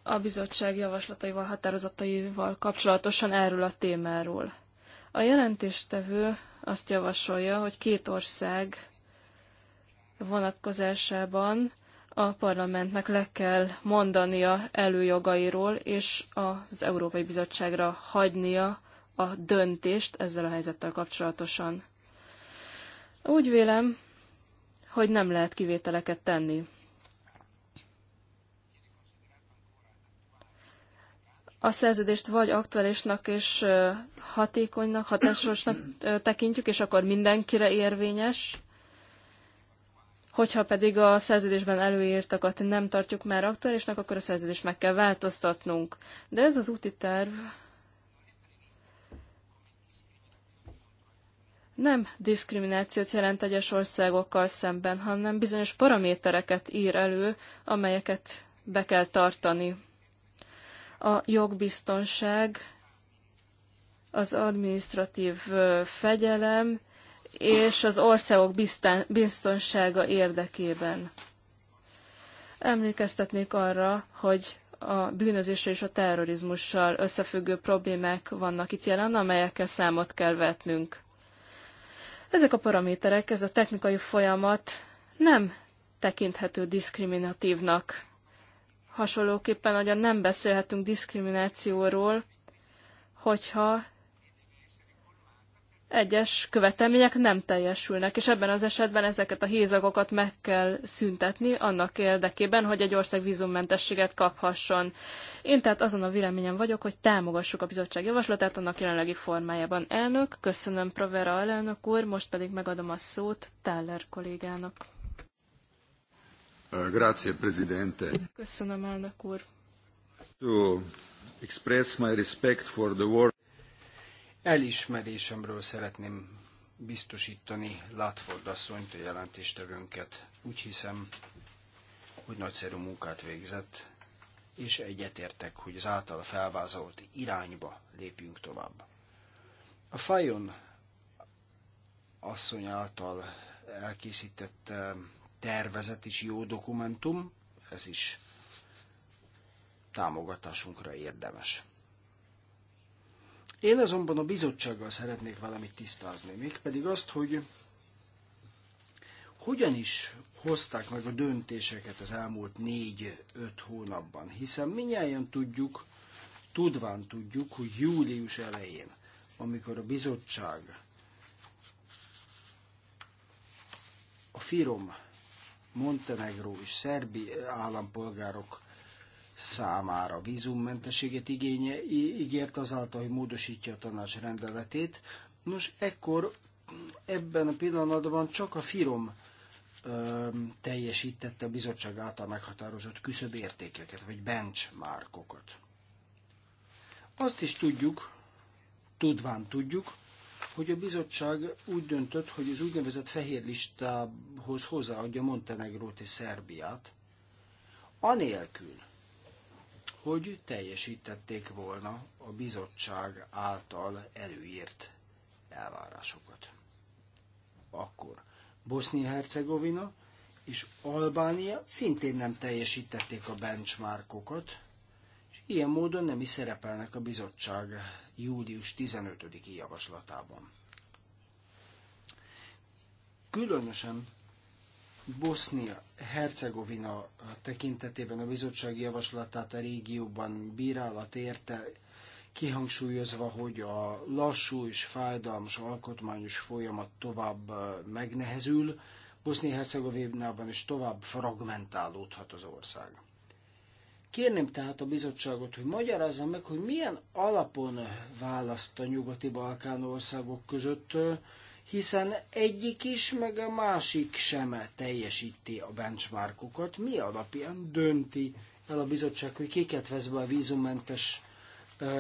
Speaker 2: a bizottság javaslataival, határozataival kapcsolatosan erről a témáról. A jelentéstevő azt javasolja, hogy két ország vonatkozásában a parlamentnek le kell mondania előjogairól, és az Európai Bizottságra hagynia a döntést ezzel a helyzettel kapcsolatosan. Úgy vélem, hogy nem lehet kivételeket tenni. a szerződést vagy aktuálisnak és hatékonynak, hatásosnak tekintjük, és akkor mindenkire érvényes. Hogyha pedig a szerződésben előírtakat nem tartjuk már aktuálisnak, akkor a szerződést meg kell változtatnunk. De ez az úti terv nem diszkriminációt jelent egyes országokkal szemben, hanem bizonyos paramétereket ír elő, amelyeket be kell tartani. A jogbiztonság, az administratív fegyelem és az országok biztonsága érdekében. Emlékeztetnék arra, hogy a bűnözéssel és a terrorizmussal összefüggő problémák vannak itt jelen, amelyekkel számot kell vetnünk. Ezek a paraméterek, ez a technikai folyamat nem tekinthető diszkriminatívnak. Hasonlóképpen, hogy nem beszélhetünk diszkriminációról, hogyha egyes követelmények nem teljesülnek, és ebben az esetben ezeket a hézagokat meg kell szüntetni annak érdekében, hogy egy ország vízummentességet kaphasson. Én tehát azon a véleményen vagyok, hogy támogassuk a bizottság javaslatát annak jelenlegi formájában. Elnök, köszönöm Provera alelnök úr, most pedig megadom a szót Táller kollégának.
Speaker 1: Uh, grazie, Presidente.
Speaker 2: Köszönöm, elnök úr.
Speaker 1: To express my respect for the work Elismerésemről szeretném biztosítani Látford asszonyt, a jelentéstevőnket. Úgy hiszem, hogy nagyszerű munkát végzett, és egyetértek, hogy az általa felvázolt irányba lépjünk tovább. A Fajon asszony által elkészített eh, tervezet is jó dokumentum, ez is támogatásunkra érdemes. Én azonban a bizottsággal szeretnék valamit tisztázni, mégpedig azt, hogy hogyan is hozták meg a döntéseket az elmúlt négy-öt hónapban, hiszen minnyáján tudjuk, tudván tudjuk, hogy július elején, amikor a bizottság a Firom, Montenegró és Szerbi állampolgárok számára vízummentességet igénye, ígért azáltal, hogy módosítja a tanács rendeletét. Nos, ekkor ebben a pillanatban csak a firom ö, teljesítette a bizottság által meghatározott küszöbértékeket, vagy benchmarkokat. Azt is tudjuk, tudván tudjuk, hogy a bizottság úgy döntött, hogy az úgynevezett fehér listához hozzáadja Montenegrót és Szerbiát, anélkül, hogy teljesítették volna a bizottság által előírt elvárásokat. Akkor Bosznia-Hercegovina és Albánia szintén nem teljesítették a benchmarkokat, és ilyen módon nem is szerepelnek a bizottság július 15-i javaslatában. Különösen Bosznia Hercegovina tekintetében a bizottsági javaslatát a régióban bírálat érte, kihangsúlyozva, hogy a lassú és fájdalmas alkotmányos folyamat tovább megnehezül, Bosznia-Hercegovinában is tovább fragmentálódhat az ország. Kérném tehát a bizottságot, hogy magyarázza meg, hogy milyen alapon választ a nyugati Balkán országok között, hiszen egyik is, meg a másik sem teljesíti a benchmarkokat. Mi alapján dönti el a bizottság, hogy kiket vesz be a vízummentes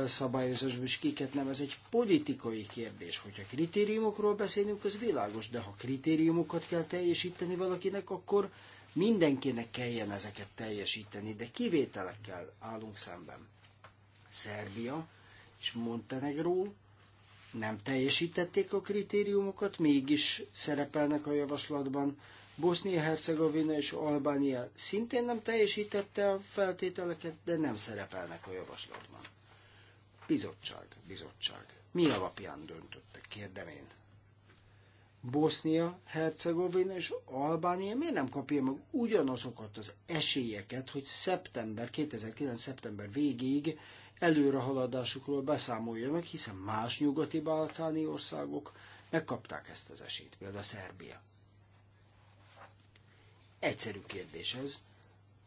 Speaker 1: szabályozásba, és kiket nem. Ez egy politikai kérdés. Hogyha kritériumokról beszélünk, az világos, de ha kritériumokat kell teljesíteni valakinek, akkor mindenkinek kelljen ezeket teljesíteni, de kivételekkel állunk szemben. Szerbia és Montenegró nem teljesítették a kritériumokat, mégis szerepelnek a javaslatban. Bosznia-Hercegovina és Albánia szintén nem teljesítette a feltételeket, de nem szerepelnek a javaslatban. Bizottság, bizottság. Mi alapján döntöttek, kérdem én. Bosznia, Hercegovina és Albánia miért nem kapja meg ugyanazokat az esélyeket, hogy szeptember, 2009. szeptember végéig előrehaladásukról beszámoljanak, hiszen más nyugati balkáni országok megkapták ezt az esélyt, például Szerbia. Egyszerű kérdés ez.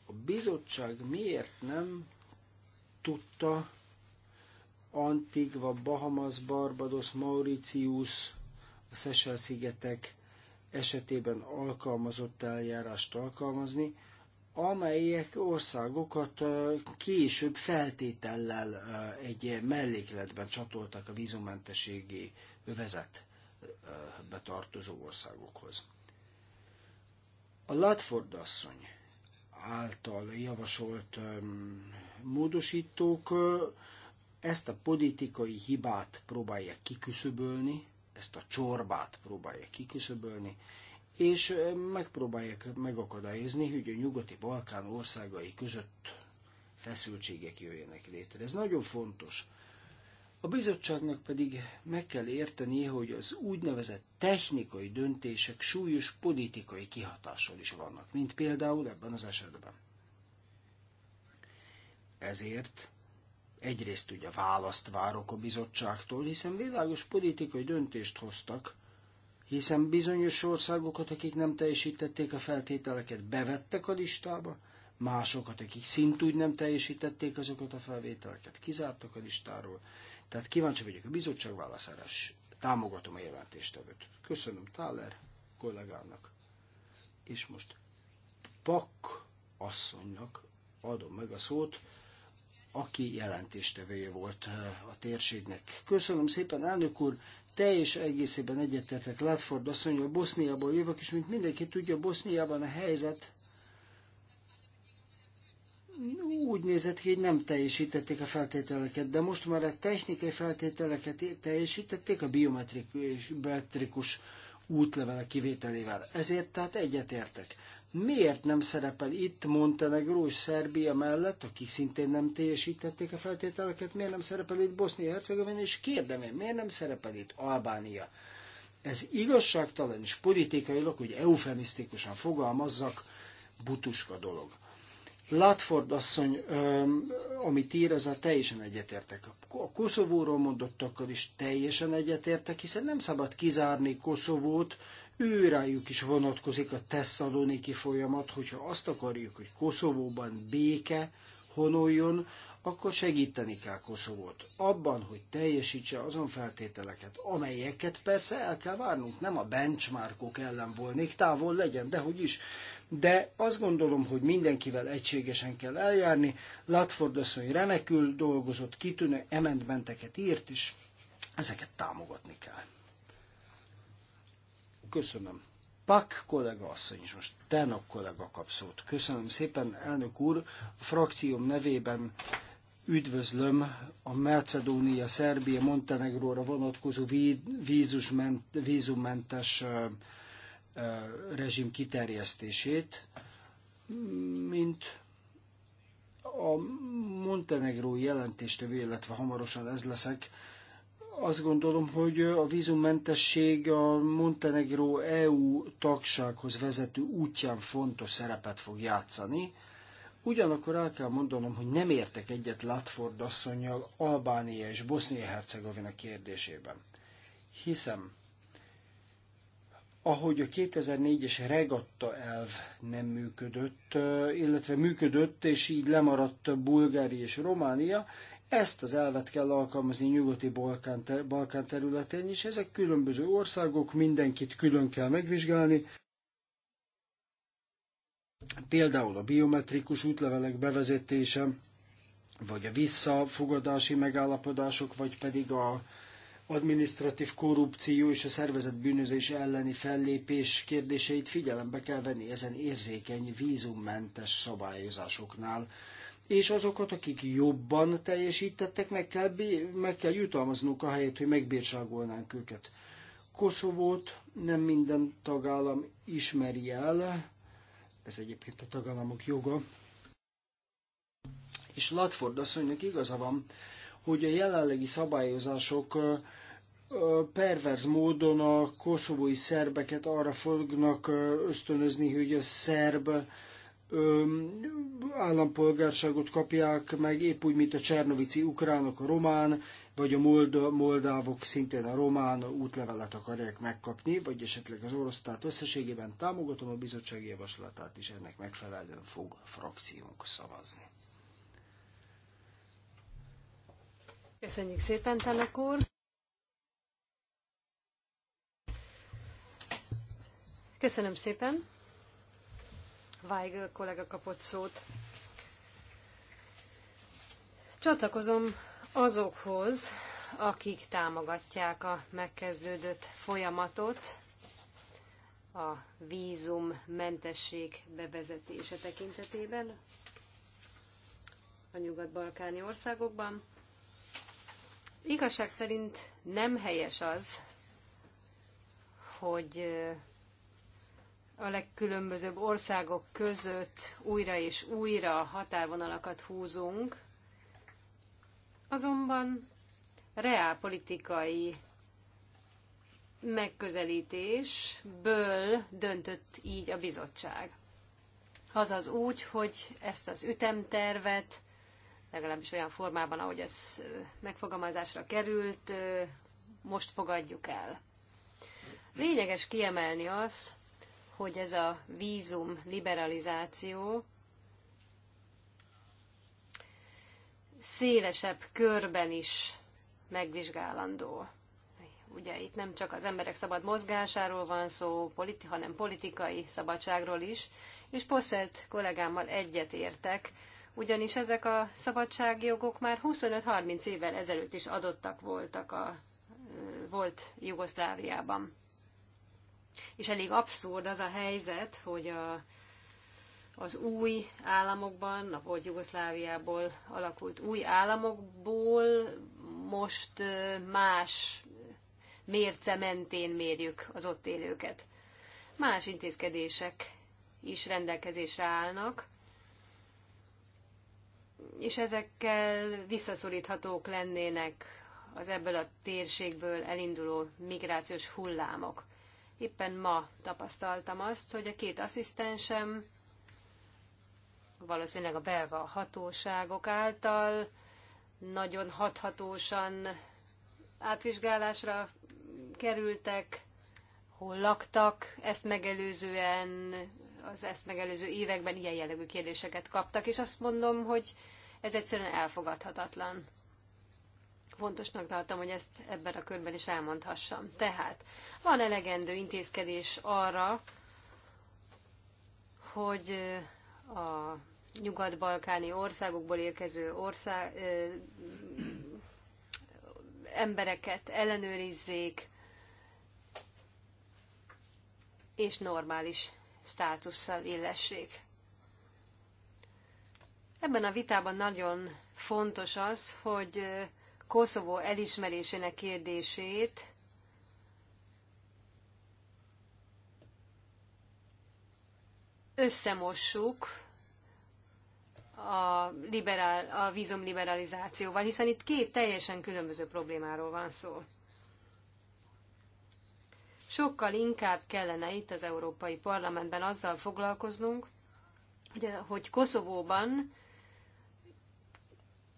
Speaker 1: A bizottság miért nem tudta Antigva, Bahamas, Barbados, Mauritius, a Seychelles-szigetek esetében alkalmazott eljárást alkalmazni, amelyek országokat később feltétellel egy mellékletben csatoltak a vízumentességi övezet tartozó országokhoz. A Latford asszony által javasolt módosítók ezt a politikai hibát próbálják kiküszöbölni, ezt a csorbát próbálják kiküszöbölni, és megpróbálják megakadályozni, hogy a nyugati Balkán országai között feszültségek jöjjenek létre. Ez nagyon fontos. A bizottságnak pedig meg kell érteni, hogy az úgynevezett technikai döntések súlyos politikai kihatással is vannak, mint például ebben az esetben. Ezért egyrészt ugye választ várok a bizottságtól, hiszen világos politikai döntést hoztak, hiszen bizonyos országokat, akik nem teljesítették a feltételeket, bevettek a listába, másokat, akik szintúgy nem teljesítették azokat a felvételeket, kizártak a listáról. Tehát kíváncsi vagyok a bizottság válaszára, és támogatom a jelentéstevőt. Köszönöm Táler kollégának. És most Pak asszonynak adom meg a szót, aki jelentéstevője volt eh, a térségnek. Köszönöm szépen, elnök úr, teljes egészében egyetetek Ledford asszonyjal, Boszniából jövök, és mint mindenki tudja, Boszniában a helyzet úgy nézett ki, hogy nem teljesítették a feltételeket, de most már a technikai feltételeket teljesítették a biometrikus útlevele kivételével. Ezért tehát egyetértek miért nem szerepel itt Montenegró és Szerbia mellett, akik szintén nem teljesítették a feltételeket, miért nem szerepel itt Bosznia-Hercegovina, és kérdem én, miért nem szerepel itt Albánia? Ez igazságtalan és politikailag, hogy eufemisztikusan fogalmazzak, butuska dolog. Látford asszony, amit ír, a teljesen egyetértek. A Koszovóról mondottakkal is teljesen egyetértek, hiszen nem szabad kizárni Koszovót, őrájuk is vonatkozik a tesszaloniki folyamat, hogyha azt akarjuk, hogy Koszovóban béke honoljon, akkor segíteni kell Koszovót abban, hogy teljesítse azon feltételeket, amelyeket persze el kell várnunk, nem a benchmarkok ellen volnék, távol legyen, de hogy is. De azt gondolom, hogy mindenkivel egységesen kell eljárni. Latford asszony remekül dolgozott, kitűnő emendmenteket írt, és ezeket támogatni kell. Köszönöm. Pak kollega asszony, és most Tenok kollega kap szót. Köszönöm szépen, elnök úr, a frakcióm nevében üdvözlöm a Macedónia, Szerbia, Montenegróra vonatkozó vízummentes rezsim kiterjesztését, mint a Montenegró jelentéstevő, illetve hamarosan ez leszek, azt gondolom, hogy a vízummentesség a Montenegró EU tagsághoz vezető útján fontos szerepet fog játszani. Ugyanakkor el kell mondanom, hogy nem értek egyet Latford asszonynal Albánia és Bosznia-Hercegovina kérdésében. Hiszem, ahogy a 2004-es regatta elv nem működött, illetve működött, és így lemaradt Bulgária és Románia, ezt az elvet kell alkalmazni nyugati Balkán, ter- Balkán területén is. Ezek különböző országok, mindenkit külön kell megvizsgálni. Például a biometrikus útlevelek bevezetése, vagy a visszafogadási megállapodások, vagy pedig a administratív korrupció és a szervezet bűnözés elleni fellépés kérdéseit figyelembe kell venni ezen érzékeny vízummentes szabályozásoknál és azokat, akik jobban teljesítettek, meg kell, meg kell jutalmaznunk a helyet, hogy megbírságolnánk őket. Koszovót nem minden tagállam ismeri el, ez egyébként a tagállamok joga, és Latford asszonynak igaza van, hogy a jelenlegi szabályozások perverz módon a koszovói szerbeket arra fognak ösztönözni, hogy a szerb állampolgárságot kapják meg, épp úgy, mint a csernovici ukránok, a román, vagy a molda moldávok szintén a román útlevelet akarják megkapni, vagy esetleg az orosz. Tehát összességében támogatom a bizottsági javaslatát, és ennek megfelelően fog a frakciónk szavazni.
Speaker 3: Köszönjük szépen, Telek úr! Köszönöm szépen! Weigel kollega kapott szót. Csatlakozom azokhoz, akik támogatják a megkezdődött folyamatot, a vízummentesség bevezetése tekintetében a nyugat-balkáni országokban. Igazság szerint nem helyes az, hogy a legkülönbözőbb országok között újra és újra határvonalakat húzunk, azonban reálpolitikai megközelítésből döntött így a bizottság. Azaz úgy, hogy ezt az ütemtervet, legalábbis olyan formában, ahogy ez megfogalmazásra került, most fogadjuk el. Lényeges kiemelni az, hogy ez a vízum liberalizáció szélesebb körben is megvizsgálandó. Ugye itt nem csak az emberek szabad mozgásáról van szó, politi- hanem politikai szabadságról is, és Posselt kollégámmal egyetértek, ugyanis ezek a szabadságjogok már 25-30 évvel ezelőtt is adottak voltak a volt Jugoszláviában. És elég abszurd az a helyzet, hogy a, az új államokban, a volt Jugoszláviából alakult új államokból most más mérce mentén mérjük az ott élőket. Más intézkedések is rendelkezésre állnak, és ezekkel visszaszoríthatók lennének az ebből a térségből elinduló migrációs hullámok. Éppen ma tapasztaltam azt, hogy a két asszisztensem valószínűleg a belga hatóságok által nagyon hathatósan átvizsgálásra kerültek, hol laktak, ezt megelőzően, az ezt megelőző években ilyen jellegű kérdéseket kaptak, és azt mondom, hogy ez egyszerűen elfogadhatatlan fontosnak tartom, hogy ezt ebben a körben is elmondhassam. Tehát van elegendő intézkedés arra, hogy a nyugat-balkáni országokból érkező ország, ö, embereket ellenőrizzék, és normális státusszal illessék. Ebben a vitában nagyon fontos az, hogy Koszovó elismerésének kérdését összemossuk a, liberál, a vízumliberalizációval, hiszen itt két teljesen különböző problémáról van szó. Sokkal inkább kellene itt az Európai Parlamentben azzal foglalkoznunk, hogy Koszovóban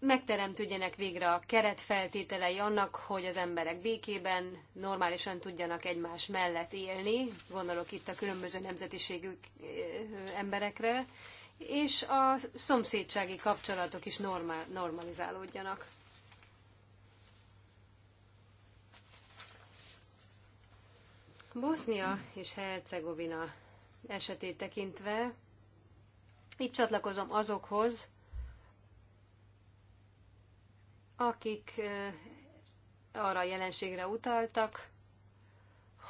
Speaker 3: megteremtődjenek végre a keretfeltételei annak, hogy az emberek békében normálisan tudjanak egymás mellett élni, gondolok itt a különböző nemzetiségű eh, emberekre, és a szomszédsági kapcsolatok is normál, normalizálódjanak. Bosznia és Hercegovina esetét tekintve itt csatlakozom azokhoz, akik arra a jelenségre utaltak,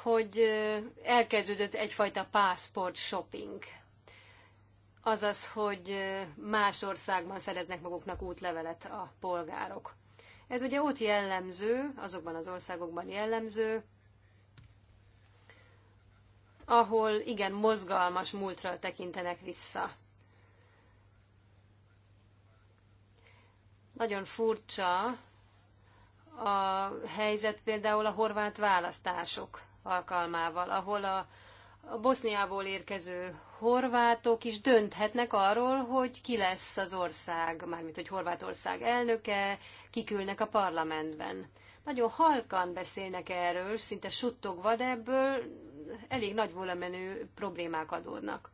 Speaker 3: hogy elkezdődött egyfajta passport shopping. Azaz, hogy más országban szereznek maguknak útlevelet a polgárok. Ez ugye ott jellemző, azokban az országokban jellemző, ahol igen mozgalmas múltra tekintenek vissza. Nagyon furcsa a helyzet például a horvát választások alkalmával, ahol a, a Boszniából érkező horvátok is dönthetnek arról, hogy ki lesz az ország, mármint hogy Horvátország elnöke, kikülnek a parlamentben. Nagyon halkan beszélnek erről, szinte suttogva, de ebből elég nagy volamenő problémák adódnak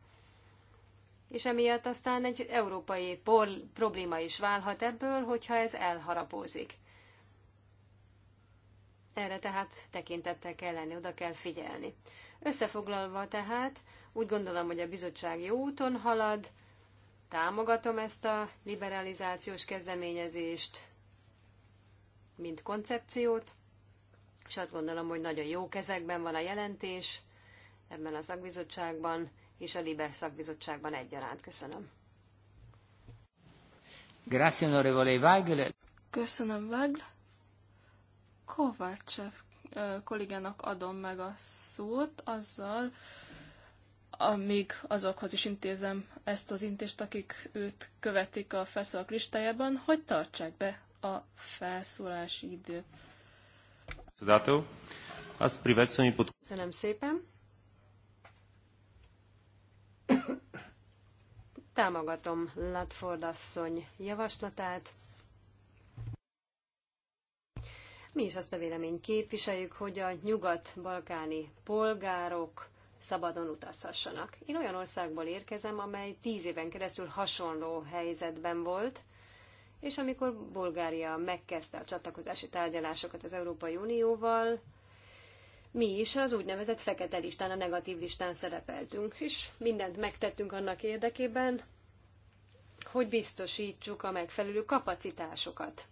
Speaker 3: és emiatt aztán egy európai por- probléma is válhat ebből, hogyha ez elharapózik. Erre tehát tekintettel kell lenni, oda kell figyelni. Összefoglalva tehát, úgy gondolom, hogy a bizottság jó úton halad, támogatom ezt a liberalizációs kezdeményezést, mint koncepciót, és azt gondolom, hogy nagyon jó kezekben van a jelentés ebben a szakbizottságban, és a Libe szakbizottságban egyaránt. Köszönöm.
Speaker 1: Grazie, onorevole Weigl.
Speaker 2: Köszönöm, Weigl. Kovácsev kollégának adom meg a szót, azzal, amíg azokhoz is intézem ezt az intést, akik őt követik a felszólalók listájában, hogy tartsák be a felszólási időt. Köszönöm szépen.
Speaker 3: Támogatom Latford asszony javaslatát. Mi is azt a véleményt képviseljük, hogy a nyugat-balkáni polgárok szabadon utazhassanak. Én olyan országból érkezem, amely tíz éven keresztül hasonló helyzetben volt, és amikor Bulgária megkezdte a csatlakozási tárgyalásokat az Európai Unióval, mi is az úgynevezett fekete listán, a negatív listán szerepeltünk, és mindent megtettünk annak érdekében, hogy biztosítsuk a megfelelő kapacitásokat.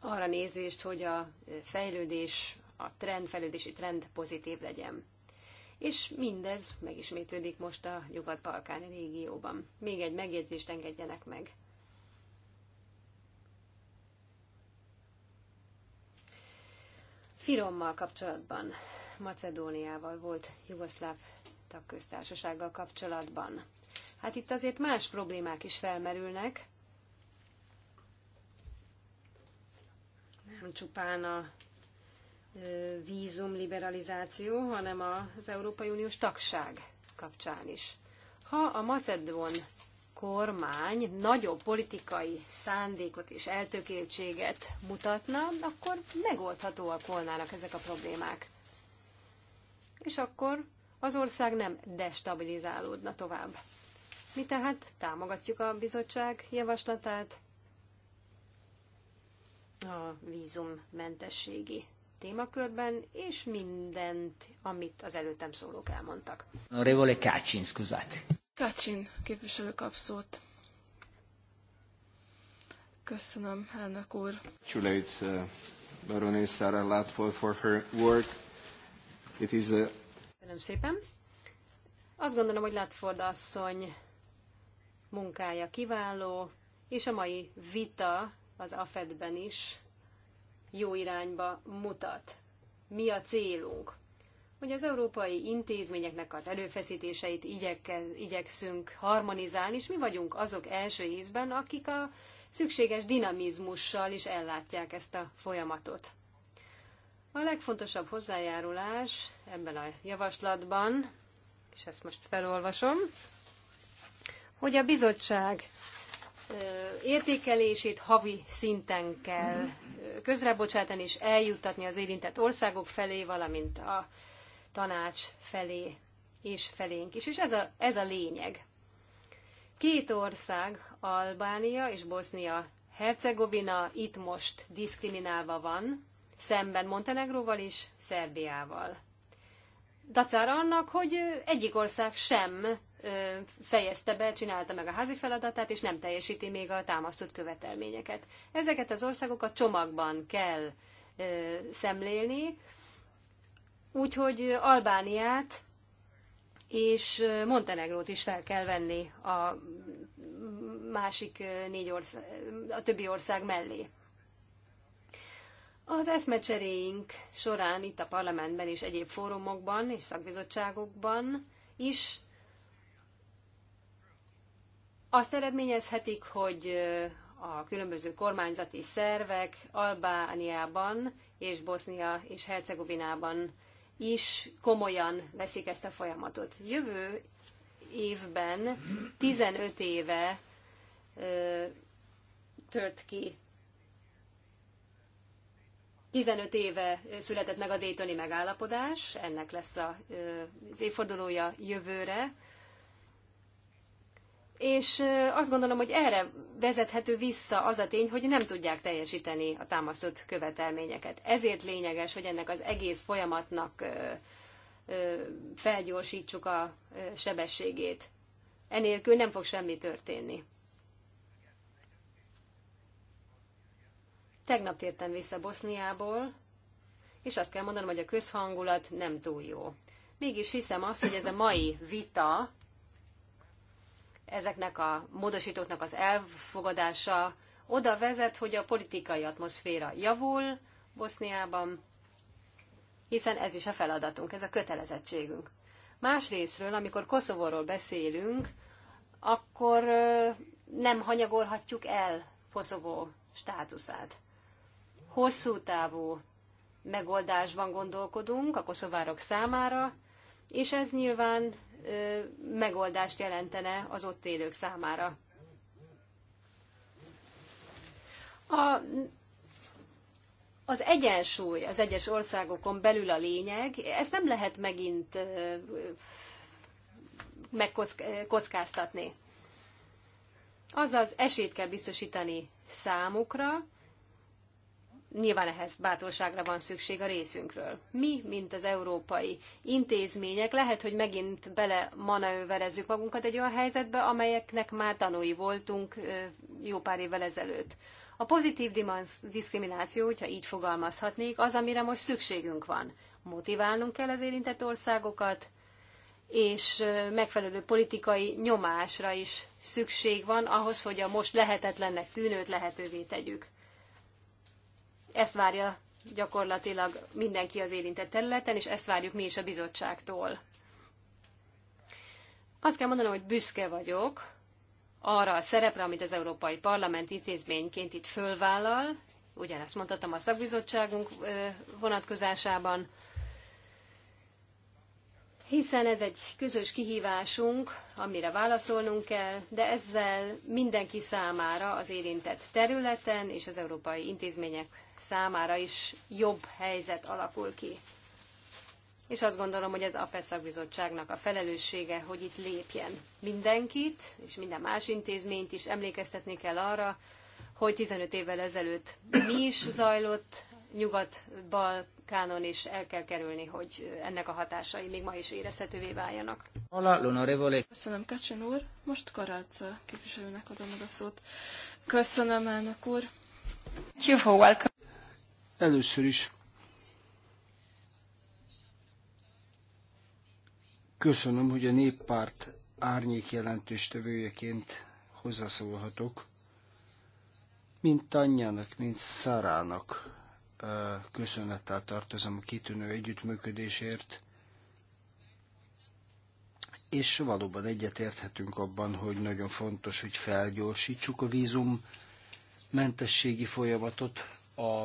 Speaker 3: Arra nézést, hogy a fejlődés, a trend, fejlődési trend pozitív legyen. És mindez megismétlődik most a nyugat-balkáni régióban. Még egy megjegyzést engedjenek meg. Firommal kapcsolatban, Macedóniával volt jugoszláv tagköztársasággal kapcsolatban. Hát itt azért más problémák is felmerülnek. Nem csupán a vízum liberalizáció, hanem az Európai Uniós tagság kapcsán is. Ha a macedón kormány nagyobb politikai szándékot és eltökéltséget mutatna, akkor megoldhatóak volnának ezek a problémák. És akkor az ország nem destabilizálódna tovább. Mi tehát támogatjuk a bizottság javaslatát a vízummentességi témakörben, és mindent, amit az előttem szólók
Speaker 2: elmondtak.
Speaker 1: Onorevole Kácsin, scusate.
Speaker 2: Kacsin képviselő kap szót. Köszönöm, elnök úr.
Speaker 1: Congratulate uh, Baroness Sarah for her work. It is a...
Speaker 2: Köszönöm szépen.
Speaker 3: Azt gondolom, hogy Latford asszony munkája kiváló, és a mai vita az AFED-ben is jó irányba mutat. Mi a célunk? hogy az európai intézményeknek az előfeszítéseit igyekez, igyekszünk harmonizálni, és mi vagyunk azok első ízben, akik a szükséges dinamizmussal is ellátják ezt a folyamatot. A legfontosabb hozzájárulás ebben a javaslatban, és ezt most felolvasom, hogy a bizottság értékelését havi szinten kell közrebocsátani és eljuttatni az érintett országok felé, valamint a tanács felé és felénk is. És ez a, ez a lényeg. Két ország, Albánia és Bosznia Hercegovina itt most diszkriminálva van, szemben Montenegróval és Szerbiával. Dacára annak, hogy egyik ország sem fejezte be, csinálta meg a házi feladatát, és nem teljesíti még a támasztott követelményeket. Ezeket az országokat csomagban kell szemlélni, Úgyhogy Albániát és Montenegrót is fel kell venni a másik négy ország, a többi ország mellé. Az eszmecseréink során itt a parlamentben és egyéb fórumokban és szakbizottságokban is azt eredményezhetik, hogy a különböző kormányzati szervek Albániában és Bosznia és Hercegovinában is komolyan veszik ezt a folyamatot. Jövő évben 15 éve ö, tört ki 15 éve született meg a Daytoni megállapodás, ennek lesz az évfordulója jövőre, és azt gondolom, hogy erre vezethető vissza az a tény, hogy nem tudják teljesíteni a támasztott követelményeket. Ezért lényeges, hogy ennek az egész folyamatnak felgyorsítsuk a sebességét. Enélkül nem fog semmi történni. Tegnap tértem vissza Boszniából, és azt kell mondanom, hogy a közhangulat nem túl jó. Mégis hiszem azt, hogy ez a mai vita ezeknek a módosítóknak az elfogadása oda vezet, hogy a politikai atmoszféra javul Boszniában, hiszen ez is a feladatunk, ez a kötelezettségünk. Másrésztről, amikor Koszovóról beszélünk, akkor nem hanyagolhatjuk el Koszovó státuszát. Hosszú távú megoldásban gondolkodunk a koszovárok számára, és ez nyilván megoldást jelentene az ott élők számára. A, az egyensúly az egyes országokon belül a lényeg, ezt nem lehet megint megkockáztatni. Azaz esélyt kell biztosítani számukra, Nyilván ehhez bátorságra van szükség a részünkről. Mi, mint az európai intézmények, lehet, hogy megint bele manőverezzük magunkat egy olyan helyzetbe, amelyeknek már tanúi voltunk jó pár évvel ezelőtt. A pozitív diszkrimináció, hogyha így fogalmazhatnék, az, amire most szükségünk van. Motiválnunk kell az érintett országokat, és megfelelő politikai nyomásra is szükség van ahhoz, hogy a most lehetetlennek tűnőt lehetővé tegyük. Ezt várja gyakorlatilag mindenki az érintett területen, és ezt várjuk mi is a bizottságtól. Azt kell mondanom, hogy büszke vagyok arra a szerepre, amit az Európai Parlament intézményként itt fölvállal, ugyanezt mondhatom a szakbizottságunk vonatkozásában, hiszen ez egy közös kihívásunk, amire válaszolnunk kell, de ezzel mindenki számára az érintett területen és az európai intézmények számára is jobb helyzet alakul ki. És azt gondolom, hogy az APET szakbizottságnak a felelőssége, hogy itt lépjen mindenkit, és minden más intézményt is emlékeztetni kell arra, hogy 15 évvel ezelőtt mi is zajlott Nyugat-Balkánon is el kell kerülni, hogy ennek a hatásai még ma is érezhetővé
Speaker 2: váljanak. Hola, Köszönöm, Kacsin úr. Most Karácsa képviselőnek adom a szót. Köszönöm, elnök úr.
Speaker 1: Először is köszönöm, hogy a néppárt árnyék jelentős hozzászólhatok, mint anyjának, mint Szarának köszönettel tartozom a kitűnő együttműködésért, és valóban egyetérthetünk abban, hogy nagyon fontos, hogy felgyorsítsuk a vízum mentességi folyamatot a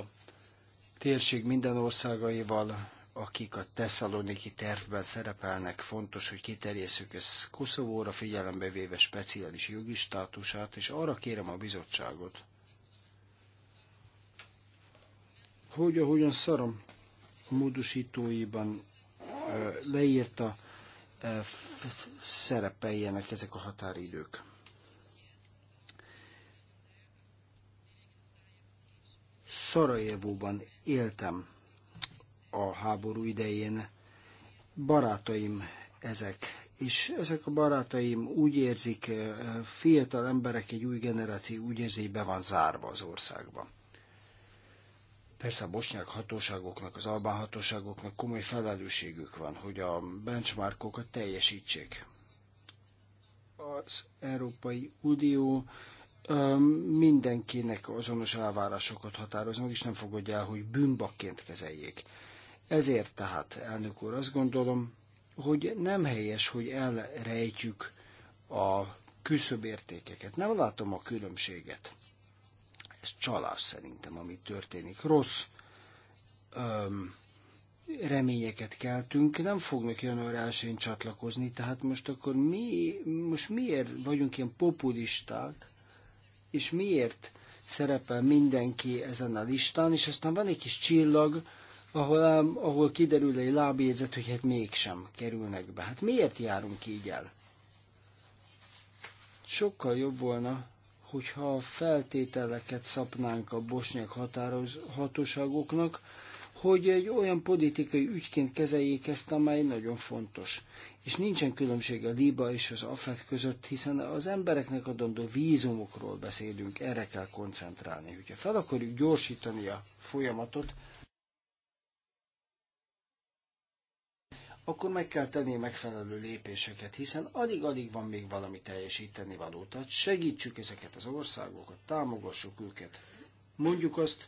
Speaker 1: térség minden országaival, akik a tesszaloniki tervben szerepelnek, fontos, hogy kiterjesszük ezt Koszovóra, figyelembe véve speciális jogi státusát, és arra kérem a bizottságot, hogy ahogyan Szaram a módosítóiban leírta, szerepeljenek ezek a határidők. Szarajevóban éltem a háború idején. Barátaim ezek, és ezek a barátaim úgy érzik, fiatal emberek, egy új generáció úgy érzi, hogy be van zárva az országban. Persze a bosnyák hatóságoknak, az albán hatóságoknak komoly felelősségük van, hogy a benchmarkokat teljesítsék. Az Európai Unió mindenkinek azonos elvárásokat határoz meg, és nem fogadja el, hogy bűnbakként kezeljék. Ezért tehát, elnök úr, azt gondolom, hogy nem helyes, hogy elrejtjük a küszöbértékeket. Nem látom a különbséget ez csalás szerintem, ami történik. Rossz öm, reményeket keltünk, nem fognak január 1 csatlakozni, tehát most akkor mi, most miért vagyunk ilyen populisták, és miért szerepel mindenki ezen a listán, és aztán van egy kis csillag, ahol, ahol kiderül egy lábjegyzet, hogy hát mégsem kerülnek be. Hát miért járunk így el? Sokkal jobb volna, hogyha feltételeket szabnánk a bosnyák hatóságoknak, hogy egy olyan politikai ügyként kezeljék ezt, amely nagyon fontos. És nincsen különbség a Liba és az AFET között, hiszen az embereknek adandó vízumokról beszélünk, erre kell koncentrálni. Hogyha fel akarjuk gyorsítani a folyamatot, akkor meg kell tenni megfelelő lépéseket, hiszen alig-alig van még valami teljesíteni való. Tehát segítsük ezeket az országokat, támogassuk őket. Mondjuk azt,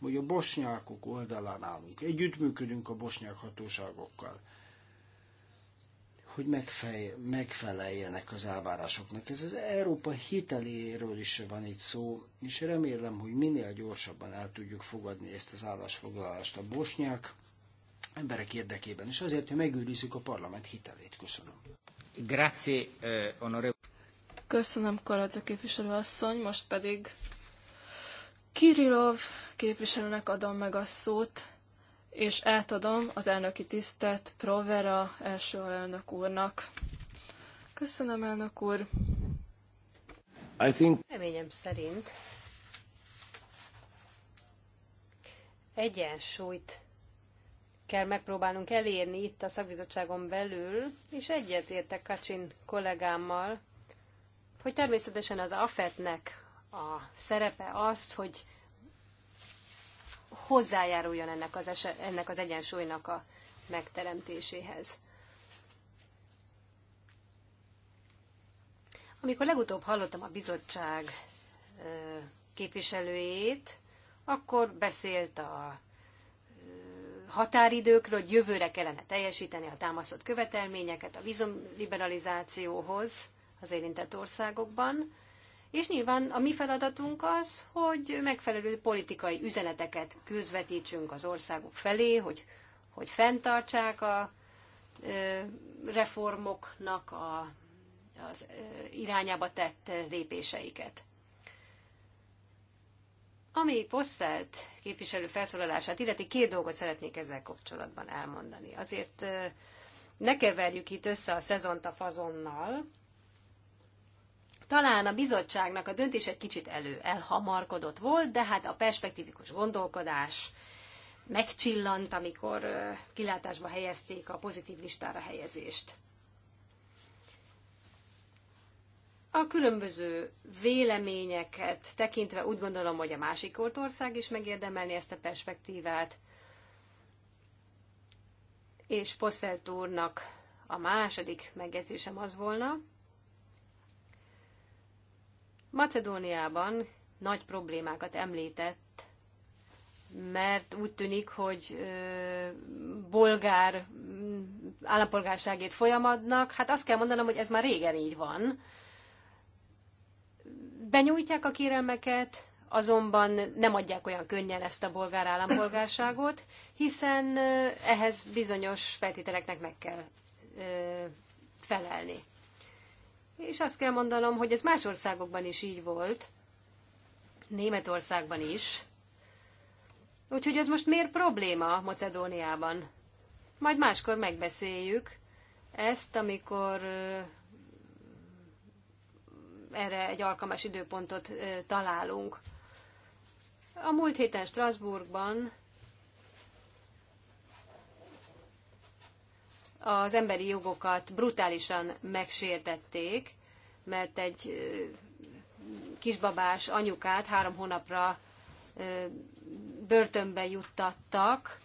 Speaker 1: hogy a bosnyákok oldalán állunk, együttműködünk a bosnyák hatóságokkal, hogy megfej, megfeleljenek az elvárásoknak. Ez az Európa hiteléről is van itt szó, és remélem, hogy minél gyorsabban el tudjuk fogadni ezt az állásfoglalást. A bosnyák emberek érdekében, és azért, hogy megőrizzük a parlament hitelét. Köszönöm. Grazie, eh, onore.
Speaker 2: Köszönöm, Karadza asszony. Most pedig Kirilov képviselőnek adom meg a szót, és átadom az elnöki tisztet Provera első elnök úrnak. Köszönöm, elnök úr. I think... Reményem
Speaker 3: szerint egyensúlyt kell megpróbálnunk elérni itt a szakbizottságon belül, és egyetértek Kacsin kollégámmal, hogy természetesen az AFET-nek a szerepe az, hogy hozzájáruljon ennek az, eset, ennek az egyensúlynak a megteremtéséhez. Amikor legutóbb hallottam a bizottság képviselőjét, akkor beszélt a határidőkről, hogy jövőre kellene teljesíteni a támasztott követelményeket a vízumliberalizációhoz az érintett országokban, és nyilván a mi feladatunk az, hogy megfelelő politikai üzeneteket közvetítsünk az országok felé, hogy, hogy fenntartsák a reformoknak a, az irányába tett lépéseiket. Ami Posselt képviselő felszólalását illeti, két dolgot szeretnék ezzel kapcsolatban elmondani. Azért ne keverjük itt össze a szezont a fazonnal. Talán a bizottságnak a döntés egy kicsit elő elhamarkodott volt, de hát a perspektívikus gondolkodás megcsillant, amikor kilátásba helyezték a pozitív listára helyezést. A különböző véleményeket tekintve úgy gondolom, hogy a másik ország is megérdemelni ezt a perspektívát, és Posselt úrnak a második megjegyzésem az volna, Macedóniában nagy problémákat említett, mert úgy tűnik, hogy ö, bolgár állampolgárságét folyamadnak. Hát azt kell mondanom, hogy ez már régen így van benyújtják a kérelmeket, azonban nem adják olyan könnyen ezt a bolgár állampolgárságot, hiszen eh, ehhez bizonyos feltételeknek meg kell eh, felelni. És azt kell mondanom, hogy ez más országokban is így volt, Németországban is. Úgyhogy ez most miért probléma Macedóniában? Majd máskor megbeszéljük ezt, amikor eh, erre egy alkalmas időpontot találunk. A múlt héten Strasbourgban az emberi jogokat brutálisan megsértették, mert egy kisbabás anyukát három hónapra börtönbe juttattak.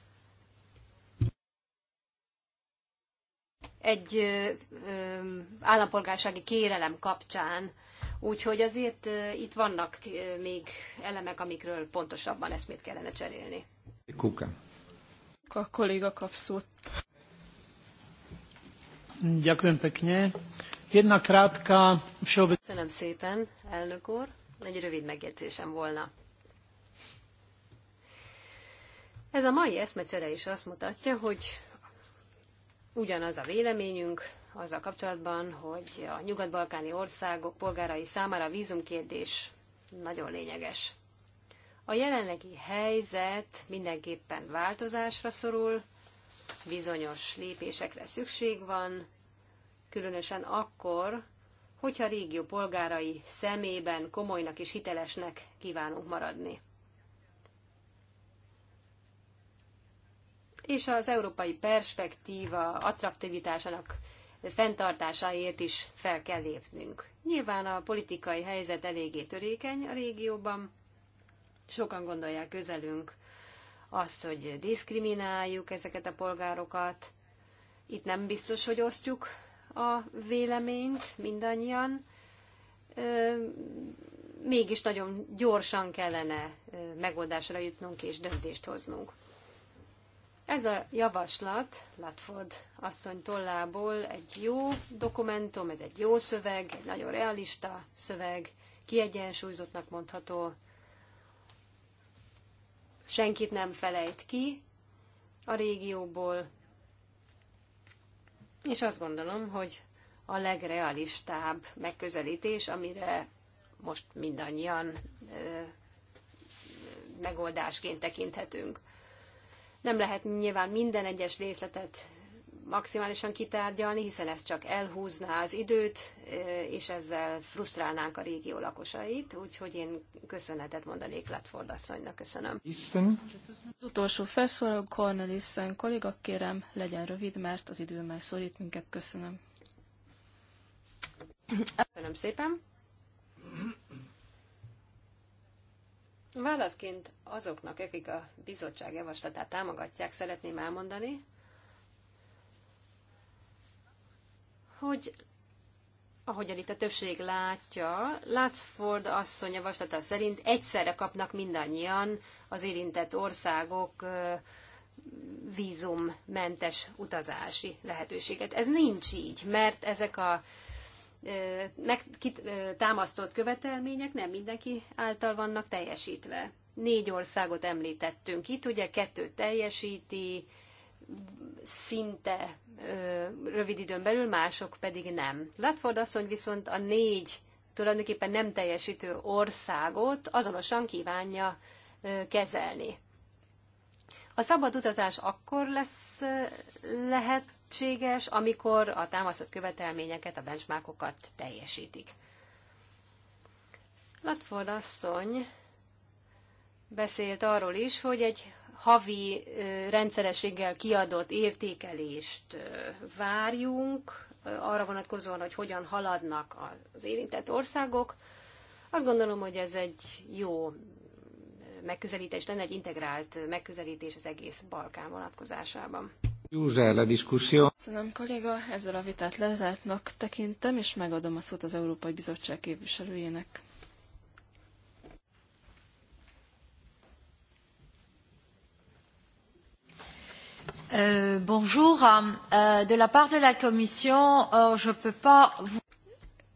Speaker 3: Egy állampolgársági kérelem kapcsán Úgyhogy azért itt vannak még elemek, amikről pontosabban eszmét kellene cserélni. Kuka. A kolléga kap szót. Köszönöm szépen, elnök úr. Egy rövid megjegyzésem volna. Ez a mai eszmecsere is azt mutatja, hogy ugyanaz a véleményünk, azzal kapcsolatban, hogy a nyugat-balkáni országok polgárai számára a vízumkérdés nagyon lényeges. A jelenlegi helyzet mindenképpen változásra szorul, bizonyos lépésekre szükség van, különösen akkor, hogyha a régió polgárai szemében komolynak és hitelesnek kívánunk maradni. És az európai perspektíva attraktivitásának fenntartásáért is fel kell lépnünk. Nyilván a politikai helyzet eléggé törékeny a régióban. Sokan gondolják közelünk azt, hogy diszkrimináljuk ezeket a polgárokat. Itt nem biztos, hogy osztjuk a véleményt mindannyian. Mégis nagyon gyorsan kellene megoldásra jutnunk és döntést hoznunk. Ez a javaslat Latford asszony tollából egy jó dokumentum, ez egy jó szöveg, egy nagyon realista szöveg, kiegyensúlyozottnak mondható, senkit nem felejt ki a régióból, és azt gondolom, hogy a legrealistább megközelítés, amire most mindannyian ö, megoldásként tekinthetünk. Nem lehet nyilván minden egyes részletet maximálisan kitárgyalni, hiszen ez csak elhúzná az időt, és ezzel frusztrálnánk a régió lakosait, úgyhogy én
Speaker 2: köszönetet mondanék Latford asszonynak. Köszönöm. Isten. Az utolsó felszóló Cornelissen kolléga, kérem, legyen rövid, mert az idő már szorít minket. Köszönöm. Köszönöm szépen.
Speaker 3: Válaszként azoknak, akik a bizottság javaslatát támogatják, szeretném elmondani, hogy ahogyan itt a többség látja, Látszford asszony javaslata szerint egyszerre kapnak mindannyian az érintett országok vízummentes utazási lehetőséget. Ez nincs így, mert ezek a támasztott követelmények nem mindenki által vannak teljesítve. Négy országot említettünk itt, ugye kettő teljesíti, szinte rövid időn belül, mások pedig nem. Latford asszony viszont a négy tulajdonképpen nem teljesítő országot azonosan kívánja kezelni. A szabad utazás akkor lesz lehet lehetséges, amikor a támasztott követelményeket, a benchmarkokat teljesítik. Latford asszony beszélt arról is, hogy egy havi rendszerességgel kiadott értékelést várjunk, arra vonatkozóan, hogy hogyan haladnak az érintett országok. Azt gondolom, hogy ez egy jó megközelítés, lenne egy integrált megközelítés az egész
Speaker 2: Balkán vonatkozásában.
Speaker 1: József, a
Speaker 2: Köszönöm, kolléga, ezzel a vitát lezártnak tekintem, és megadom a szót az Európai Bizottság képviselőjének.
Speaker 1: Uh, bonjour. Euh, de la part de la Commission, euh,
Speaker 2: je peux pas vous...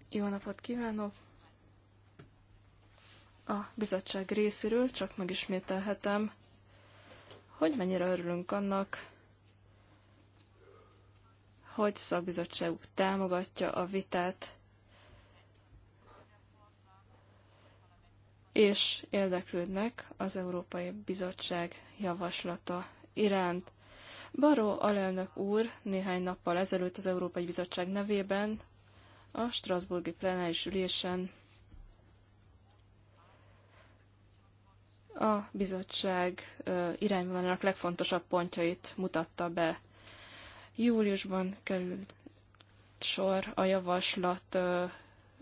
Speaker 2: Jó napot kívánok! A bizottság részéről csak megismételhetem, hogy mennyire örülünk annak, hogy szakbizottságuk támogatja a vitát, és érdeklődnek az Európai Bizottság javaslata iránt. Baró alelnök úr néhány nappal ezelőtt az Európai Bizottság nevében a Strasburgi plenáris ülésen a bizottság irányvonalának legfontosabb pontjait mutatta be. Júliusban került sor a javaslat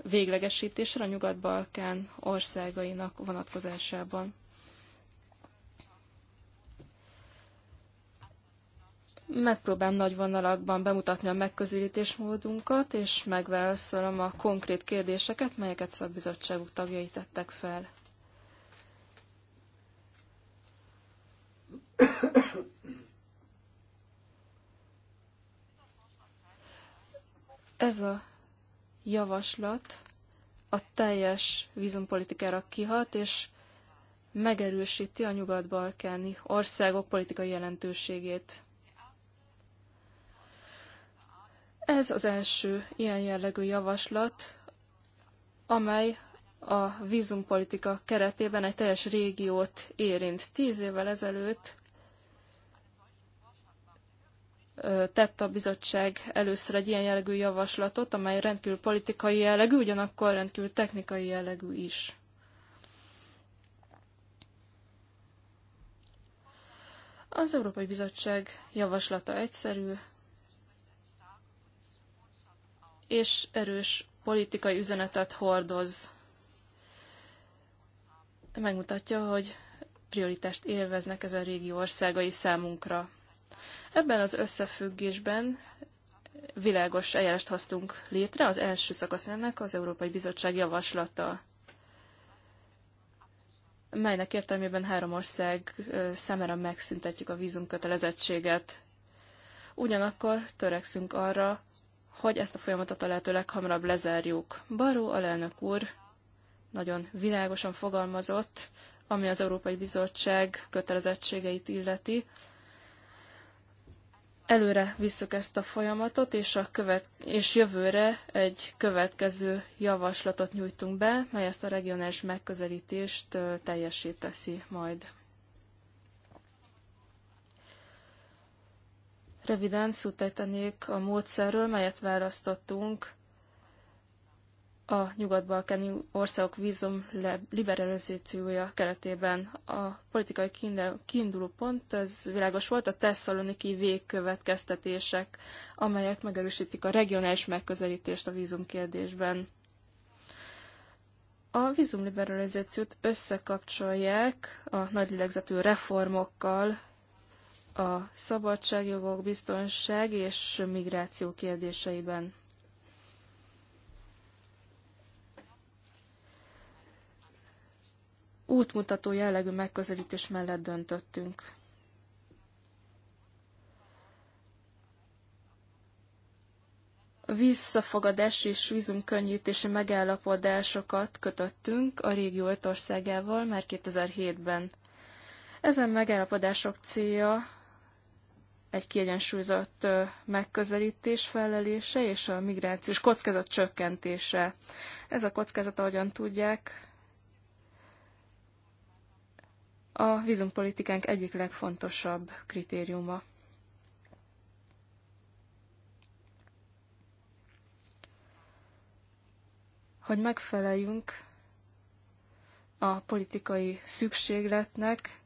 Speaker 2: véglegesítésre a Nyugat-Balkán országainak vonatkozásában. Megpróbálom nagy vonalakban bemutatni a megközelítésmódunkat, és megválaszolom a konkrét kérdéseket, melyeket szakbizottságuk tagjai tettek fel. Ez a javaslat a teljes vízumpolitikára kihat, és megerősíti a nyugat-balkáni országok politikai jelentőségét. Ez az első ilyen jellegű javaslat, amely a vízumpolitika keretében egy teljes régiót érint. Tíz évvel ezelőtt tett a bizottság először egy ilyen jellegű javaslatot, amely rendkívül politikai jellegű, ugyanakkor rendkívül technikai jellegű is. Az Európai Bizottság javaslata egyszerű és erős politikai üzenetet hordoz. Megmutatja, hogy prioritást élveznek ez a régi országai számunkra. Ebben az összefüggésben világos eljárást hoztunk létre, az első szakasz ennek az Európai Bizottság javaslata, melynek értelmében három ország számára megszüntetjük a vízumkötelezettséget. Ugyanakkor törekszünk arra, hogy ezt a folyamatot a lehető leghamarabb lezárjuk. Baró alelnök úr nagyon világosan fogalmazott, ami az Európai Bizottság kötelezettségeit illeti, Előre visszük ezt a folyamatot, és, a követ, és jövőre egy következő javaslatot nyújtunk be, mely ezt a regionális megközelítést teljesíteszi majd. Röviden szótejtenék a módszerről, melyet választottunk a nyugat-balkáni országok vízum liberalizációja keretében. A politikai kiinduló pont, ez világos volt, a tesszaloniki végkövetkeztetések, amelyek megerősítik a regionális megközelítést a vízum kérdésben. A vízumliberalizációt összekapcsolják a nagylélegzetű reformokkal, a szabadságjogok, biztonság és migráció kérdéseiben. útmutató jellegű megközelítés mellett döntöttünk. visszafogadás és vízumkönnyítési megállapodásokat kötöttünk a régió országával már 2007-ben. Ezen megállapodások célja egy kiegyensúlyozott megközelítés felelése és a migrációs kockázat csökkentése. Ez a kockázat, ahogyan tudják, a vízumpolitikánk egyik legfontosabb kritériuma. Hogy megfeleljünk a politikai szükségletnek,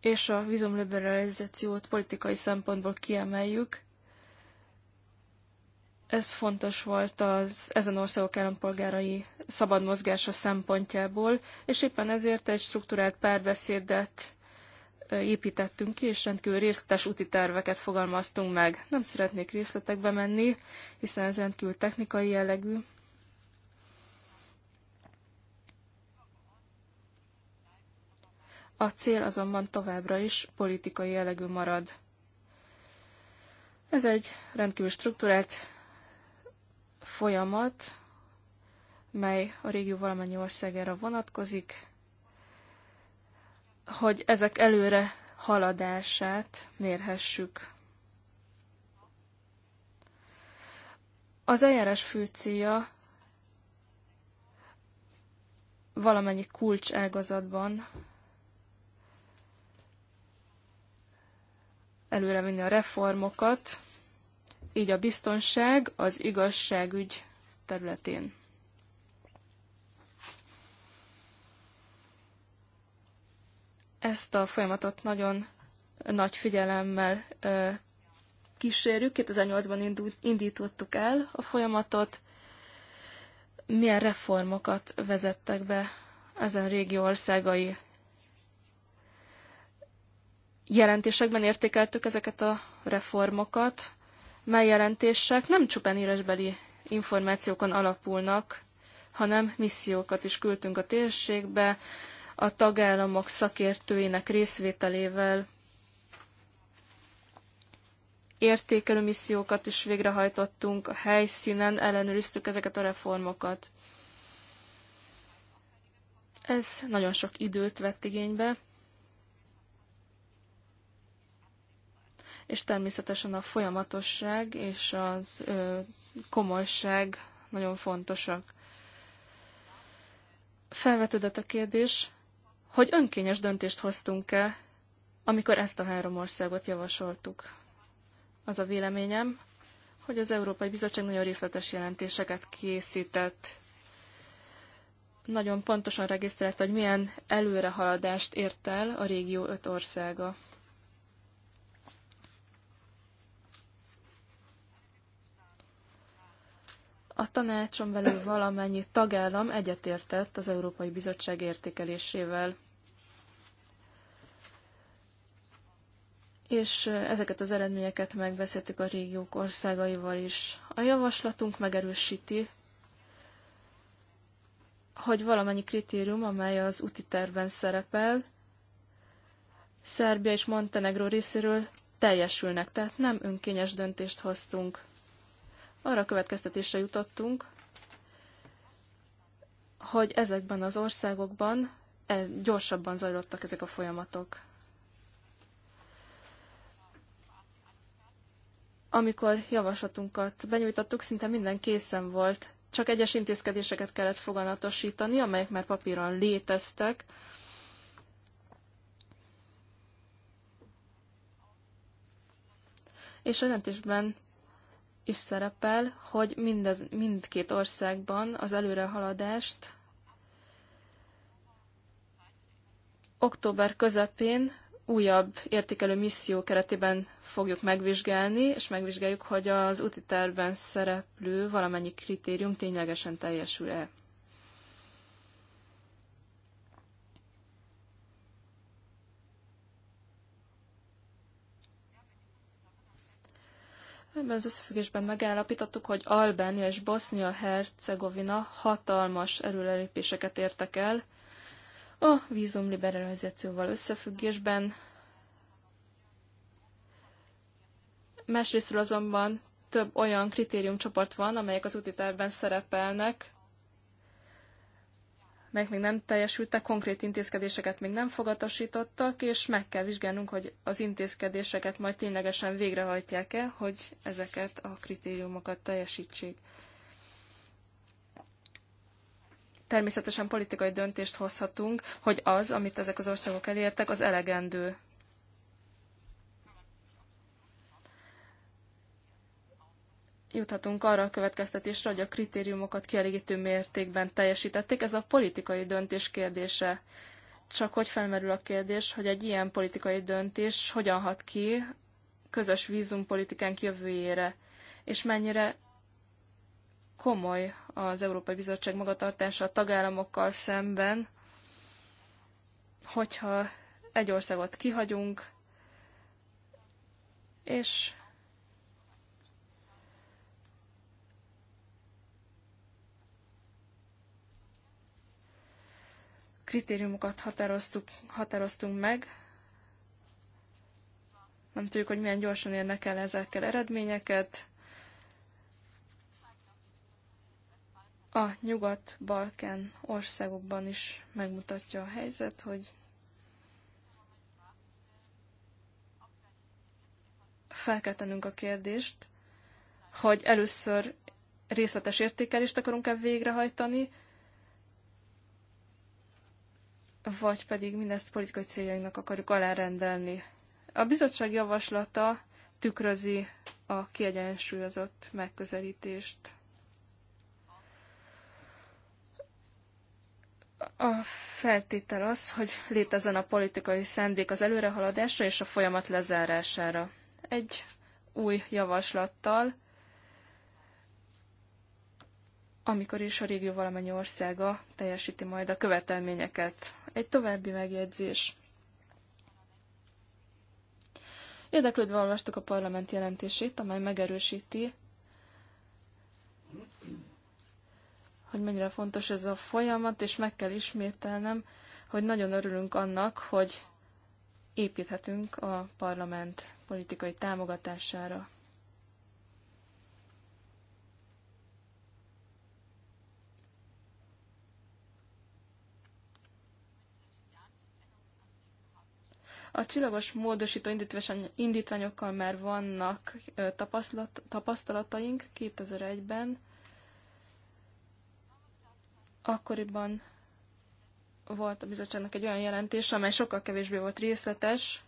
Speaker 2: és a vízumliberalizációt politikai szempontból kiemeljük, ez fontos volt az ezen országok állampolgárai szabad mozgása szempontjából, és éppen ezért egy strukturált párbeszédet építettünk ki, és rendkívül részletes úti terveket fogalmaztunk meg. Nem szeretnék részletekbe menni, hiszen ez rendkívül technikai jellegű. A cél azonban továbbra is politikai jellegű marad. Ez egy rendkívül struktúrált folyamat, mely a régió valamennyi országára vonatkozik, hogy ezek előre haladását mérhessük. Az eljárás fő célja valamennyi kulcságazatban előre vinni a reformokat, így a biztonság az igazságügy területén. Ezt a folyamatot nagyon nagy figyelemmel kísérjük. 2008-ban indítottuk el a folyamatot. Milyen reformokat vezettek be ezen régi országai? Jelentésekben értékeltük ezeket a reformokat, mely jelentések nem csupán írásbeli információkon alapulnak, hanem missziókat is küldtünk a térségbe, a tagállamok szakértőinek részvételével értékelő missziókat is végrehajtottunk, a helyszínen ellenőriztük ezeket a reformokat. Ez nagyon sok időt vett igénybe, és természetesen a folyamatosság és a komolyság nagyon fontosak. Felvetődött a kérdés, hogy önkényes döntést hoztunk-e, amikor ezt a három országot javasoltuk. Az a véleményem, hogy az Európai Bizottság nagyon részletes jelentéseket készített nagyon pontosan regisztrált, hogy milyen előrehaladást ért el a régió öt országa. A tanácson belül valamennyi tagállam egyetértett az Európai Bizottság értékelésével. és ezeket az eredményeket megbeszéltük a régiók országaival is. A javaslatunk megerősíti, hogy valamennyi kritérium, amely az úti tervben szerepel, Szerbia és Montenegro részéről teljesülnek, tehát nem önkényes döntést hoztunk arra a következtetésre jutottunk, hogy ezekben az országokban e, gyorsabban zajlottak ezek a folyamatok. Amikor javaslatunkat benyújtottuk, szinte minden készen volt, csak egyes intézkedéseket kellett foganatosítani, amelyek már papíron léteztek, és a jelentésben is szerepel, hogy mindez, mindkét országban az előrehaladást október közepén újabb értékelő misszió keretében fogjuk megvizsgálni, és megvizsgáljuk, hogy az úti szereplő valamennyi kritérium ténylegesen teljesül-e. Ebben az összefüggésben megállapítottuk, hogy Albánia és Bosznia-Hercegovina hatalmas erőlelépéseket értek el a vízumliberalizációval összefüggésben. Másrésztről azonban több olyan kritériumcsoport van, amelyek az útiterben szerepelnek, melyek még nem teljesültek, konkrét intézkedéseket még nem fogatosítottak, és meg kell vizsgálnunk, hogy az intézkedéseket majd ténylegesen végrehajtják-e, hogy ezeket a kritériumokat teljesítsék. Természetesen politikai döntést hozhatunk, hogy az, amit ezek az országok elértek, az elegendő juthatunk arra a következtetésre, hogy a kritériumokat kielégítő mértékben teljesítették. Ez a politikai döntés kérdése. Csak hogy felmerül a kérdés, hogy egy ilyen politikai döntés hogyan hat ki közös vízumpolitikánk jövőjére, és mennyire komoly az Európai Bizottság magatartása a tagállamokkal szemben, hogyha egy országot kihagyunk, és kritériumokat határoztuk, határoztunk meg. Nem tudjuk, hogy milyen gyorsan érnek el ezekkel eredményeket. A nyugat-balkán országokban is megmutatja a helyzet, hogy fel kell tennünk a kérdést, hogy először részletes értékelést akarunk-e végrehajtani, vagy pedig mindezt politikai céljainknak akarjuk alárendelni. A bizottság javaslata tükrözi a kiegyensúlyozott megközelítést. A feltétel az, hogy létezzen a politikai szándék az előrehaladásra és a folyamat lezárására. Egy új javaslattal, amikor is a régió valamennyi országa teljesíti majd a követelményeket. Egy további megjegyzés. Érdeklődve olvastuk a parlament jelentését, amely megerősíti, hogy mennyire fontos ez a folyamat, és meg kell ismételnem, hogy nagyon örülünk annak, hogy építhetünk a parlament politikai támogatására. A csillagos módosító indítványokkal már vannak tapasztalat, tapasztalataink 2001-ben. Akkoriban volt a bizottságnak egy olyan jelentés, amely sokkal kevésbé volt részletes,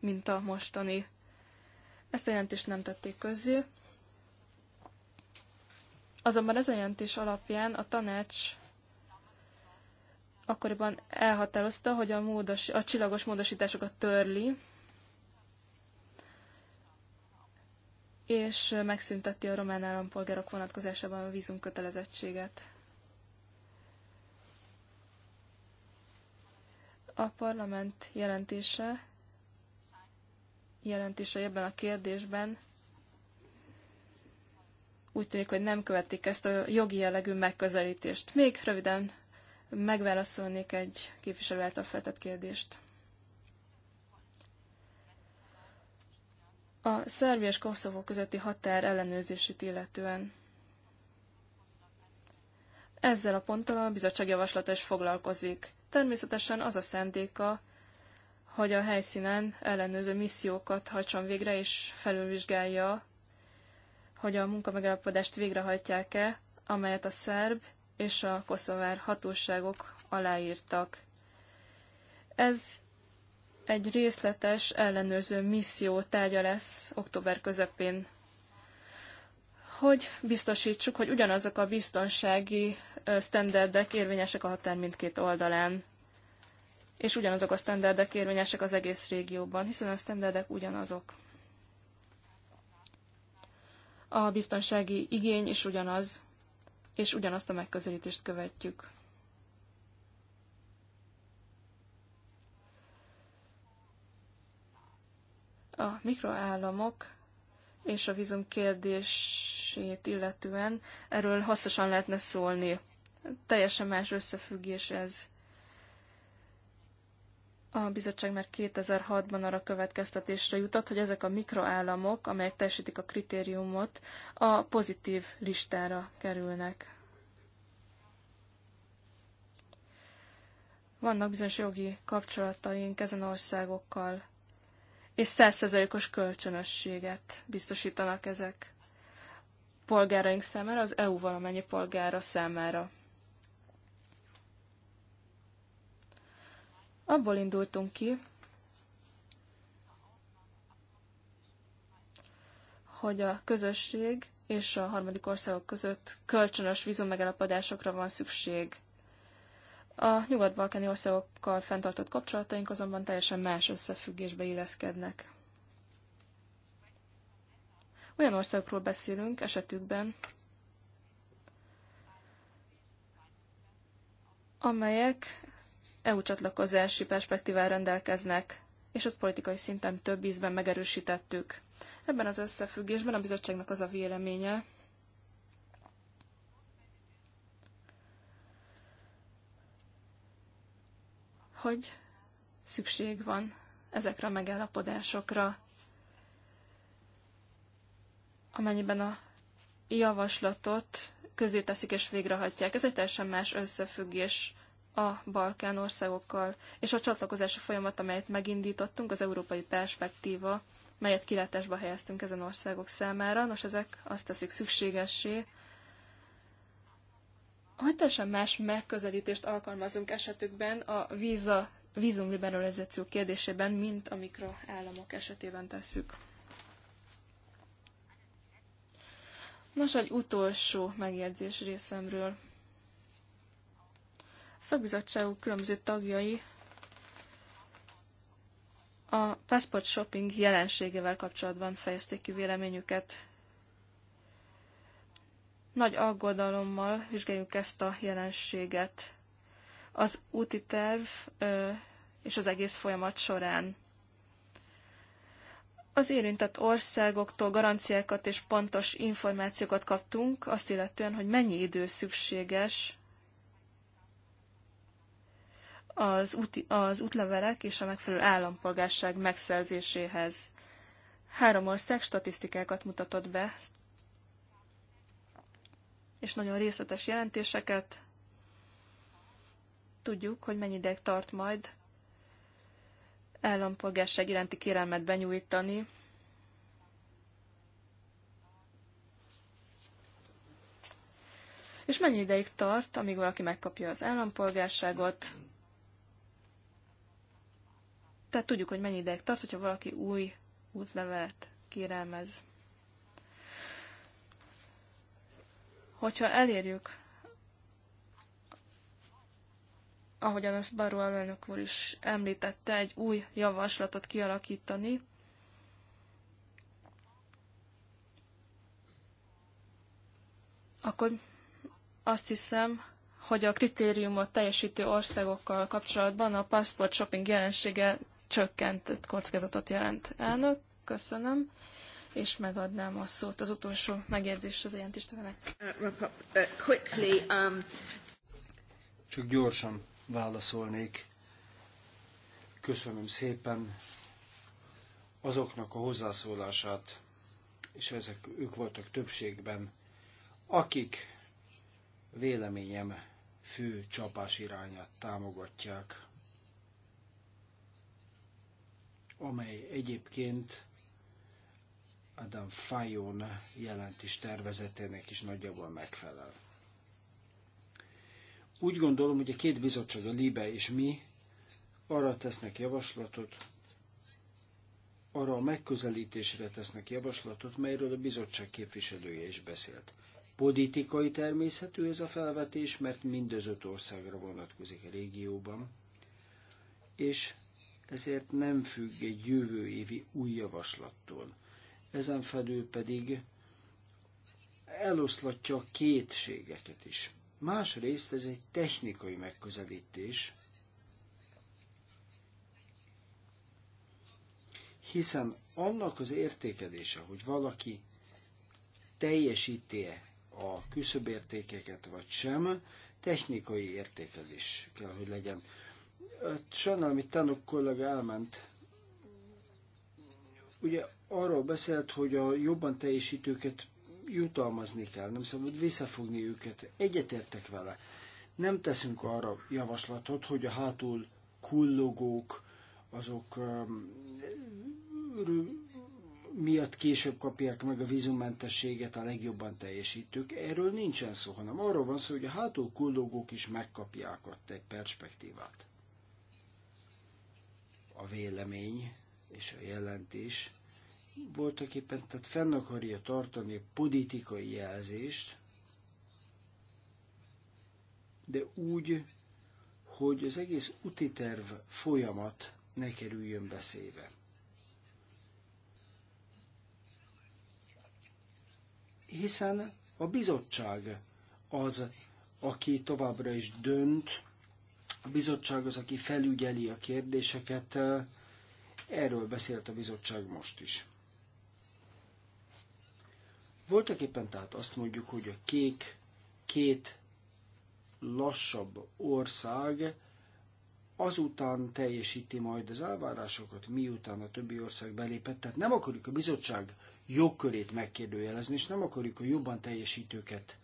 Speaker 2: mint a mostani. Ezt a jelentést nem tették közzé. Azonban ez a jelentés alapján a tanács akkoriban elhatározta, hogy a, módos, a csillagos módosításokat törli, és megszünteti a román állampolgárok vonatkozásában a vízumkötelezettséget. A parlament jelentése, jelentése ebben a kérdésben úgy tűnik, hogy nem követik ezt a jogi jellegű megközelítést. Még röviden megválaszolnék egy képviselő által feltett kérdést. A Szerbia és Koszovó közötti határ ellenőrzését illetően. Ezzel a ponttal a bizottság javaslata is foglalkozik. Természetesen az a szándéka, hogy a helyszínen ellenőrző missziókat hajtson végre, és felülvizsgálja, hogy a munkamegállapodást végrehajtják-e, amelyet a szerb és a koszovár hatóságok aláírtak. Ez egy részletes ellenőrző misszió tárgya lesz október közepén hogy biztosítsuk, hogy ugyanazok a biztonsági sztenderdek érvényesek a határ mindkét oldalán, és ugyanazok a sztenderdek érvényesek az egész régióban, hiszen a sztenderdek ugyanazok. A biztonsági igény is ugyanaz és ugyanazt a megközelítést követjük. A mikroállamok és a vízum kérdését illetően erről hosszasan lehetne szólni. Teljesen más összefüggés ez. A bizottság már 2006-ban arra következtetésre jutott, hogy ezek a mikroállamok, amelyek teljesítik a kritériumot, a pozitív listára kerülnek. Vannak bizonyos jogi kapcsolataink ezen országokkal, és százszerzalékos kölcsönösséget biztosítanak ezek polgáraink számára, az EU valamennyi polgára számára. Abból indultunk ki, hogy a közösség és a harmadik országok között kölcsönös vízummegállapodásokra van szükség. A nyugat-balkáni országokkal fenntartott kapcsolataink azonban teljesen más összefüggésbe illeszkednek. Olyan országokról beszélünk esetükben, amelyek EU csatlakozási perspektívára rendelkeznek, és ezt politikai szinten több ízben megerősítettük. Ebben az összefüggésben a bizottságnak az a véleménye, hogy szükség van ezekre a megállapodásokra, amennyiben a javaslatot közé teszik és végrehajtják. Ez egy teljesen más összefüggés a Balkán országokkal, és a csatlakozási folyamat, amelyet megindítottunk, az európai perspektíva, melyet kilátásba helyeztünk ezen országok számára. Nos, ezek azt teszik szükségessé, hogy teljesen más megközelítést alkalmazunk esetükben a víza, vízumliberalizáció kérdésében, mint a mikroállamok esetében tesszük. Nos, egy utolsó megjegyzés részemről szakbizottságok különböző tagjai a passport shopping jelenségevel kapcsolatban fejezték ki véleményüket. Nagy aggodalommal vizsgáljuk ezt a jelenséget az úti terv ö, és az egész folyamat során. Az érintett országoktól garanciákat és pontos információkat kaptunk, azt illetően, hogy mennyi idő szükséges az, úti, az útlevelek és a megfelelő állampolgárság megszerzéséhez. Három ország statisztikákat mutatott be, és nagyon részletes jelentéseket. Tudjuk, hogy mennyi ideig tart majd állampolgárság iránti kérelmet benyújtani. És mennyi ideig tart, amíg valaki megkapja az állampolgárságot, tehát tudjuk, hogy mennyi ideig tart, hogyha valaki új útlevelet kérelmez. Hogyha elérjük, ahogyan ezt Baró elnök úr is említette, egy új javaslatot kialakítani, akkor azt hiszem, hogy a kritériumot teljesítő országokkal kapcsolatban a passport shopping jelensége csökkentett kockázatot jelent. Elnök, köszönöm, és megadnám a szót az utolsó megjegyzést az jelentéstevenek. Um,
Speaker 1: Csak gyorsan válaszolnék. Köszönöm szépen azoknak a hozzászólását, és ezek ők voltak többségben, akik véleményem fő csapás irányát támogatják. amely egyébként Adam Fajon jelentés tervezetének is nagyjából megfelel. Úgy gondolom, hogy a két bizottság, a Libe és mi arra tesznek javaslatot, arra a megközelítésre tesznek javaslatot, melyről a bizottság képviselője is beszélt. Politikai természetű ez a felvetés, mert mindöz öt országra vonatkozik a régióban, és ezért nem függ egy jövő évi új javaslattól. Ezen felül pedig eloszlatja a kétségeket is. Másrészt ez egy technikai megközelítés, hiszen annak az értékelése, hogy valaki teljesíti-e a küszöbértékeket vagy sem, technikai értékelés kell, hogy legyen. Sajnálom, itt Tánok kollega elment. Ugye arról beszélt, hogy a jobban teljesítőket jutalmazni kell, nem szabad visszafogni őket. Egyetértek vele. Nem teszünk arra javaslatot, hogy a hátul kullogók, azok um, miatt később kapják meg a vízummentességet a legjobban teljesítők. Erről nincsen szó, hanem arról van szó, hogy a hátul kullogók is megkapják a perspektívát a vélemény és a jelentés voltak éppen, tehát fenn akarja tartani a politikai jelzést, de úgy, hogy az egész terv folyamat ne kerüljön beszébe. Hiszen a bizottság az, aki továbbra is dönt, a bizottság az, aki felügyeli a kérdéseket, erről beszélt a bizottság most is. Voltak éppen tehát azt mondjuk, hogy a kék két lassabb ország azután teljesíti majd az elvárásokat, miután a többi ország belépett. Tehát nem akarjuk a bizottság jogkörét megkérdőjelezni, és nem akarjuk a jobban teljesítőket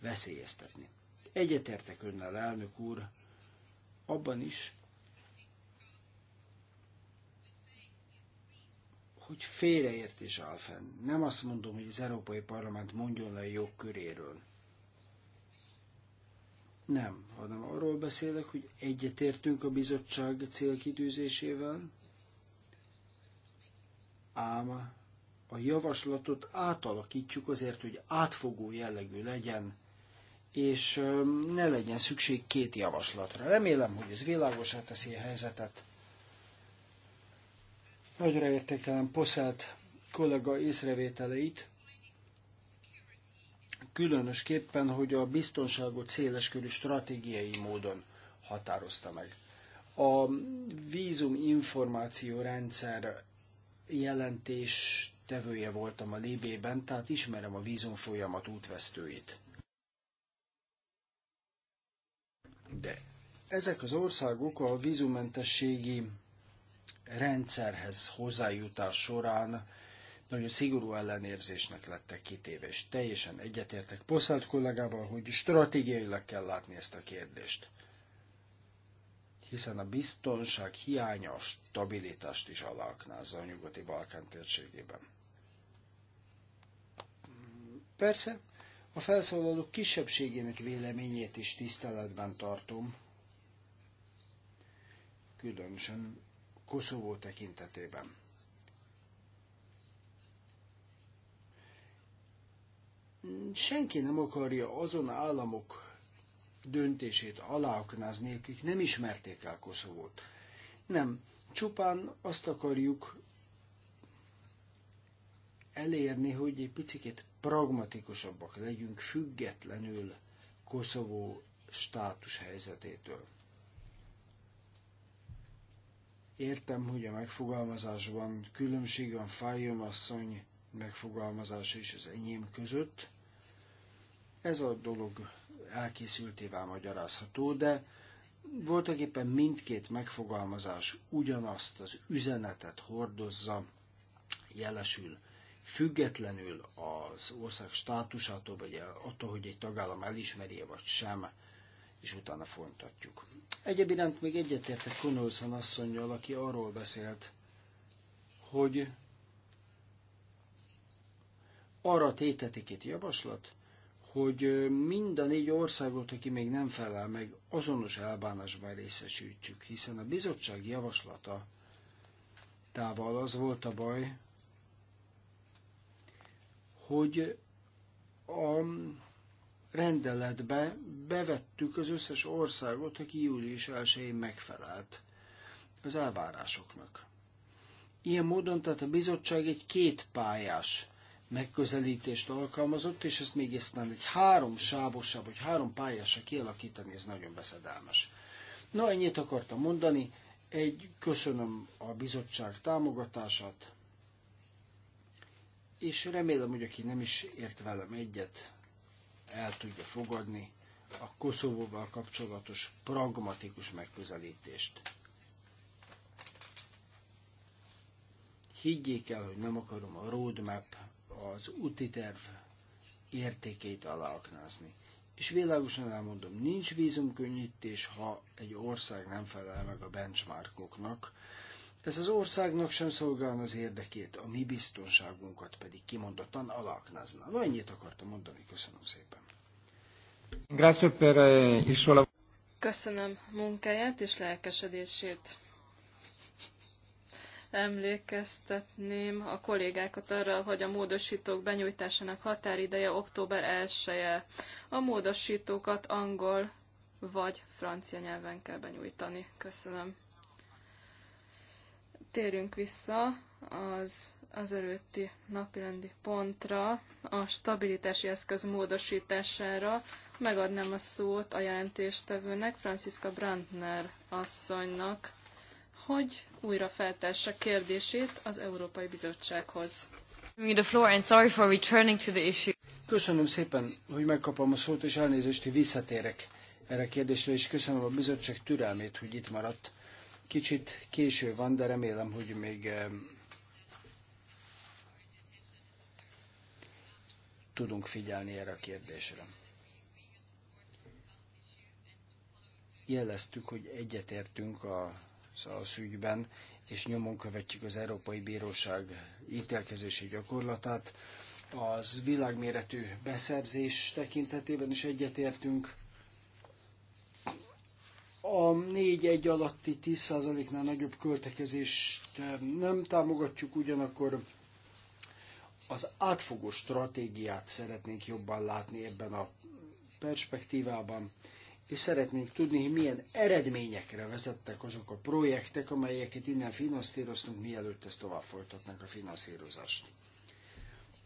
Speaker 1: veszélyeztetni. Egyetértek önnel, elnök úr, abban is, hogy félreértés áll fenn. Nem azt mondom, hogy az Európai Parlament mondjon le a jogköréről. Nem, hanem arról beszélek, hogy egyetértünk a bizottság célkitűzésével, ám a javaslatot átalakítjuk azért, hogy átfogó jellegű legyen, és ne legyen szükség két javaslatra. Remélem, hogy ez világosá teszi a helyzetet. Nagyra értékelem Poszelt kollega észrevételeit, különösképpen, hogy a biztonságot széleskörű stratégiai módon határozta meg. A vízum információ rendszer jelentés tevője voltam a Libében, tehát ismerem a vízum folyamat útvesztőit. De ezek az országok a vízumentességi rendszerhez hozzájutás során nagyon szigorú ellenérzésnek lettek kitéve, és teljesen egyetértek Poszelt kollégával, hogy stratégiailag kell látni ezt a kérdést. Hiszen a biztonság hiánya a stabilitást is aláknázza a nyugati Balkán térségében. Persze, a felszólalók kisebbségének véleményét is tiszteletben tartom, különösen Koszovó tekintetében. Senki nem akarja azon államok döntését aláaknázni, akik nem ismerték el Koszovót. Nem, csupán azt akarjuk elérni, hogy egy picit pragmatikusabbak legyünk függetlenül Koszovó státus helyzetétől. Értem, hogy a megfogalmazásban különbség van Fájom asszony megfogalmazása és az enyém között. Ez a dolog elkészültével magyarázható, de voltak éppen mindkét megfogalmazás ugyanazt az üzenetet hordozza, jelesül függetlenül az ország státusától, vagy attól, hogy egy tagállam elismeri-e vagy sem, és utána folytatjuk. Egyébként még egyetértek Konolszan asszonynal, aki arról beszélt, hogy arra tétetik itt javaslat, hogy mind a négy országot, aki még nem felel meg, azonos elbánásban részesítsük, hiszen a bizottság javaslata tával az volt a baj, hogy a rendeletbe bevettük az összes országot, aki július 1 megfelelt az elvárásoknak. Ilyen módon tehát a bizottság egy kétpályás megközelítést alkalmazott, és ezt még nem egy három sávosabb, vagy három pályásra kialakítani, ez nagyon beszedelmes. Na, ennyit akartam mondani. Egy, köszönöm a bizottság támogatását, és remélem, hogy aki nem is ért velem egyet, el tudja fogadni a Koszovóval kapcsolatos pragmatikus megközelítést. Higgyék el, hogy nem akarom a roadmap, az úti terv értékét aláaknázni. És világosan elmondom, nincs vízumkönnyítés, ha egy ország nem felel meg a benchmarkoknak, ez az országnak sem szolgálna az érdekét, a mi biztonságunkat pedig kimondottan aláknázna. Na, ennyit akartam mondani, köszönöm szépen. Eh,
Speaker 2: köszönöm munkáját és lelkesedését. Emlékeztetném a kollégákat arra, hogy a módosítók benyújtásának határideje október 1 -e. A módosítókat angol vagy francia nyelven kell benyújtani. Köszönöm térjünk vissza az az előtti napirendi pontra, a stabilitási eszköz módosítására. Megadnám a szót a jelentéstevőnek, Franciska Brandner asszonynak, hogy újra feltesse kérdését az Európai Bizottsághoz.
Speaker 1: floor sorry for returning to the issue. Köszönöm szépen, hogy megkapom a szót, és elnézést, hogy visszatérek erre a kérdésre, és köszönöm a bizottság türelmét, hogy itt maradt. Kicsit késő van, de remélem, hogy még eh, tudunk figyelni erre a kérdésre. Jeleztük, hogy egyetértünk a szalszügyben, és nyomon követjük az Európai Bíróság ítélkezési gyakorlatát. Az világméretű beszerzés tekintetében is egyetértünk, a 4-1 alatti 10%-nál nagyobb költekezést eh, nem támogatjuk, ugyanakkor az átfogó stratégiát szeretnénk jobban látni ebben a perspektívában, és szeretnénk tudni, hogy milyen eredményekre vezettek azok a projektek, amelyeket innen finanszíroztunk, mielőtt ezt tovább folytatnánk a finanszírozást.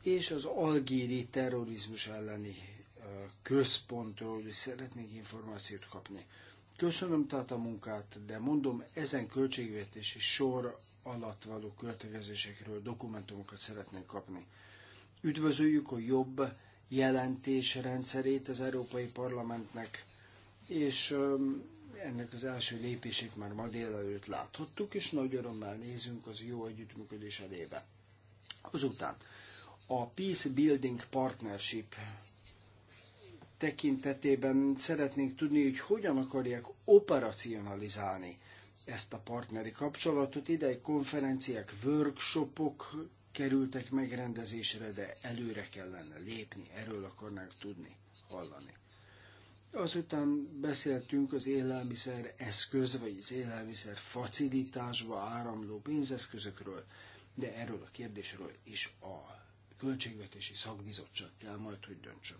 Speaker 1: És az algéri terrorizmus elleni eh, központról is szeretnénk információt kapni. Köszönöm tehát a munkát, de mondom, ezen költségvetési sor alatt való költekezésekről dokumentumokat szeretnénk kapni. Üdvözöljük a jobb jelentés rendszerét az Európai Parlamentnek, és ennek az első lépését már ma délelőtt láthattuk, és nagy örömmel nézünk az jó együttműködés elébe. Azután a Peace Building Partnership tekintetében szeretnénk tudni, hogy hogyan akarják operacionalizálni ezt a partneri kapcsolatot. Idei konferenciák, workshopok kerültek megrendezésre, de előre kellene lépni, erről akarnánk tudni, hallani. Azután beszéltünk az élelmiszer eszköz, vagy az élelmiszer facilitásba áramló pénzeszközökről, de erről a kérdésről is a Költségvetési Szakbizottság kell majd, hogy döntsön.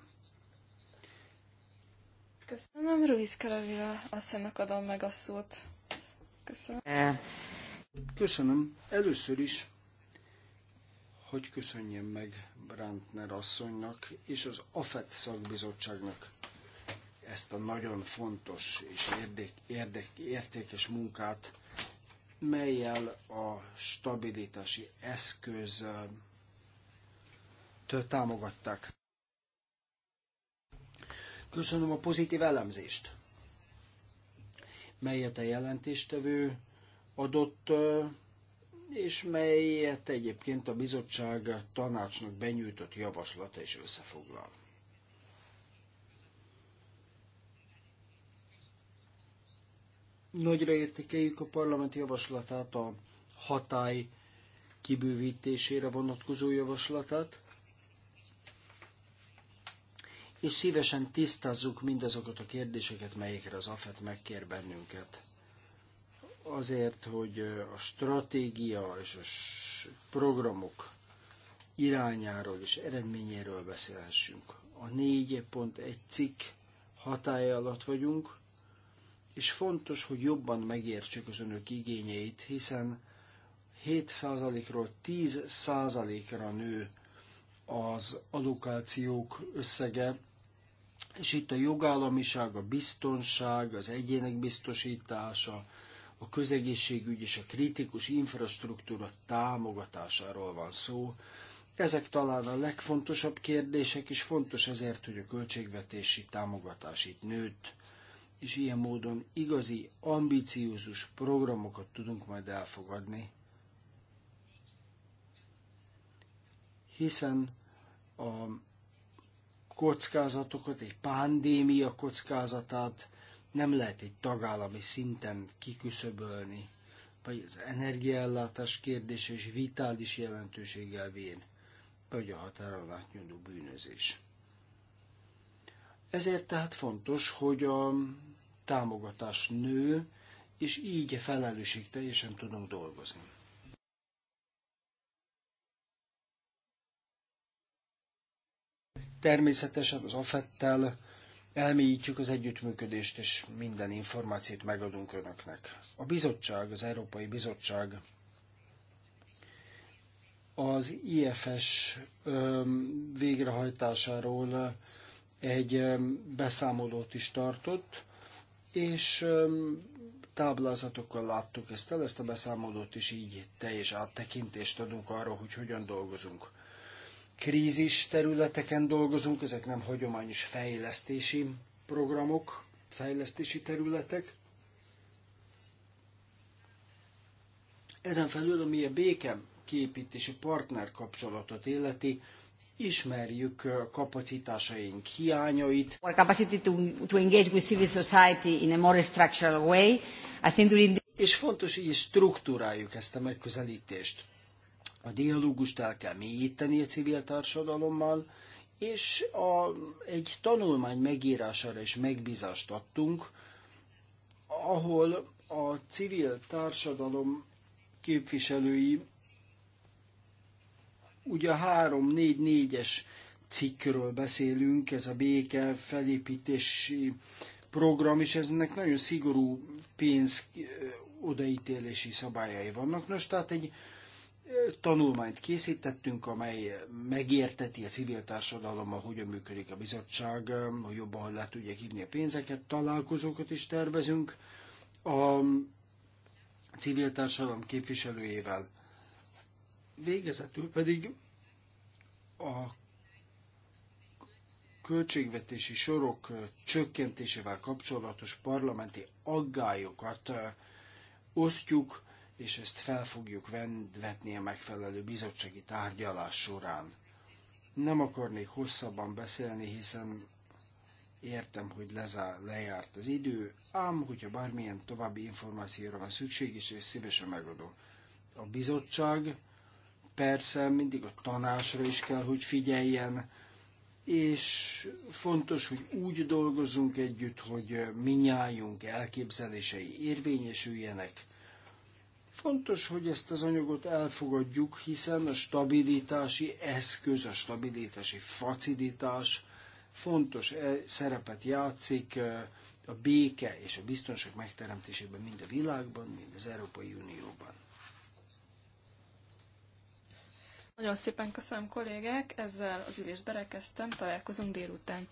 Speaker 2: Köszönöm, Ruiz karavira, asszonynak adom meg a szót. Köszönöm.
Speaker 1: Köszönöm. Először is, hogy köszönjem meg Brandner asszonynak és az AFET szakbizottságnak ezt a nagyon fontos és érdek, érdek, értékes munkát, melyel a stabilitási eszköz támogatták. Köszönöm a pozitív elemzést, melyet a jelentéstevő adott, és melyet egyébként a bizottság tanácsnak benyújtott javaslata is összefoglal. Nagyra értékeljük a parlament javaslatát, a hatály kibővítésére vonatkozó javaslatát, és szívesen tisztázzuk mindazokat a kérdéseket, melyekre az AFET megkér bennünket. Azért, hogy a stratégia és a programok irányáról és eredményéről beszélhessünk. A 4.1 cikk hatája alatt vagyunk, és fontos, hogy jobban megértsük az önök igényeit, hiszen 7%-ról 10%-ra nő az allokációk összege és itt a jogállamiság, a biztonság, az egyének biztosítása, a közegészségügy és a kritikus infrastruktúra támogatásáról van szó. Ezek talán a legfontosabb kérdések, és fontos ezért, hogy a költségvetési támogatás itt nőtt, és ilyen módon igazi, ambiciózus programokat tudunk majd elfogadni, hiszen a kockázatokat, egy pandémia kockázatát nem lehet egy tagállami szinten kiküszöbölni, vagy az energiaellátás kérdése és vitális jelentőséggel vén vagy a határon átnyúló bűnözés. Ezért tehát fontos, hogy a támogatás nő, és így felelősség teljesen tudunk dolgozni. Természetesen az affettel elmélyítjük az együttműködést, és minden információt megadunk önöknek. A bizottság, az Európai Bizottság az IFS végrehajtásáról egy beszámolót is tartott, és táblázatokkal láttuk ezt el, ezt a beszámolót is így teljes áttekintést adunk arról, hogy hogyan dolgozunk krízis területeken dolgozunk, ezek nem hagyományos fejlesztési programok, fejlesztési területek. Ezen felül, ami a béke képítési partner kapcsolatot életi ismerjük kapacitásaink hiányait. Our capacity to, to engage with civil society in a more structural way. I think during the... És fontos, hogy struktúráljuk ezt a megközelítést a dialógust el kell mélyíteni a civil társadalommal, és a, egy tanulmány megírására is megbízást adtunk, ahol a civil társadalom képviselői ugye a 3-4-4-es cikkről beszélünk, ez a béke felépítési program, és eznek nagyon szigorú pénz odaítélési szabályai vannak. Nos, tehát egy tanulmányt készítettünk, amely megérteti a civil társadalommal, hogyan működik a bizottság, hogy jobban le tudják hívni a pénzeket, találkozókat is tervezünk a civil társadalom képviselőjével. Végezetül pedig a költségvetési sorok csökkentésével kapcsolatos parlamenti aggályokat osztjuk, és ezt fel fogjuk vetni a megfelelő bizottsági tárgyalás során. Nem akarnék hosszabban beszélni, hiszen értem, hogy lezár, lejárt az idő, ám hogyha bármilyen további információra van szükség, és ezt szívesen megadom. A bizottság persze mindig a tanásra is kell, hogy figyeljen, és fontos, hogy úgy dolgozzunk együtt, hogy minnyájunk elképzelései érvényesüljenek, Fontos, hogy ezt az anyagot elfogadjuk, hiszen a stabilitási eszköz, a stabilitási facilitás fontos eh, szerepet játszik eh, a béke és a biztonság megteremtésében mind a világban, mind az Európai Unióban.
Speaker 2: Nagyon szépen köszönöm kollégák, ezzel az ülést berekeztem, találkozunk délután.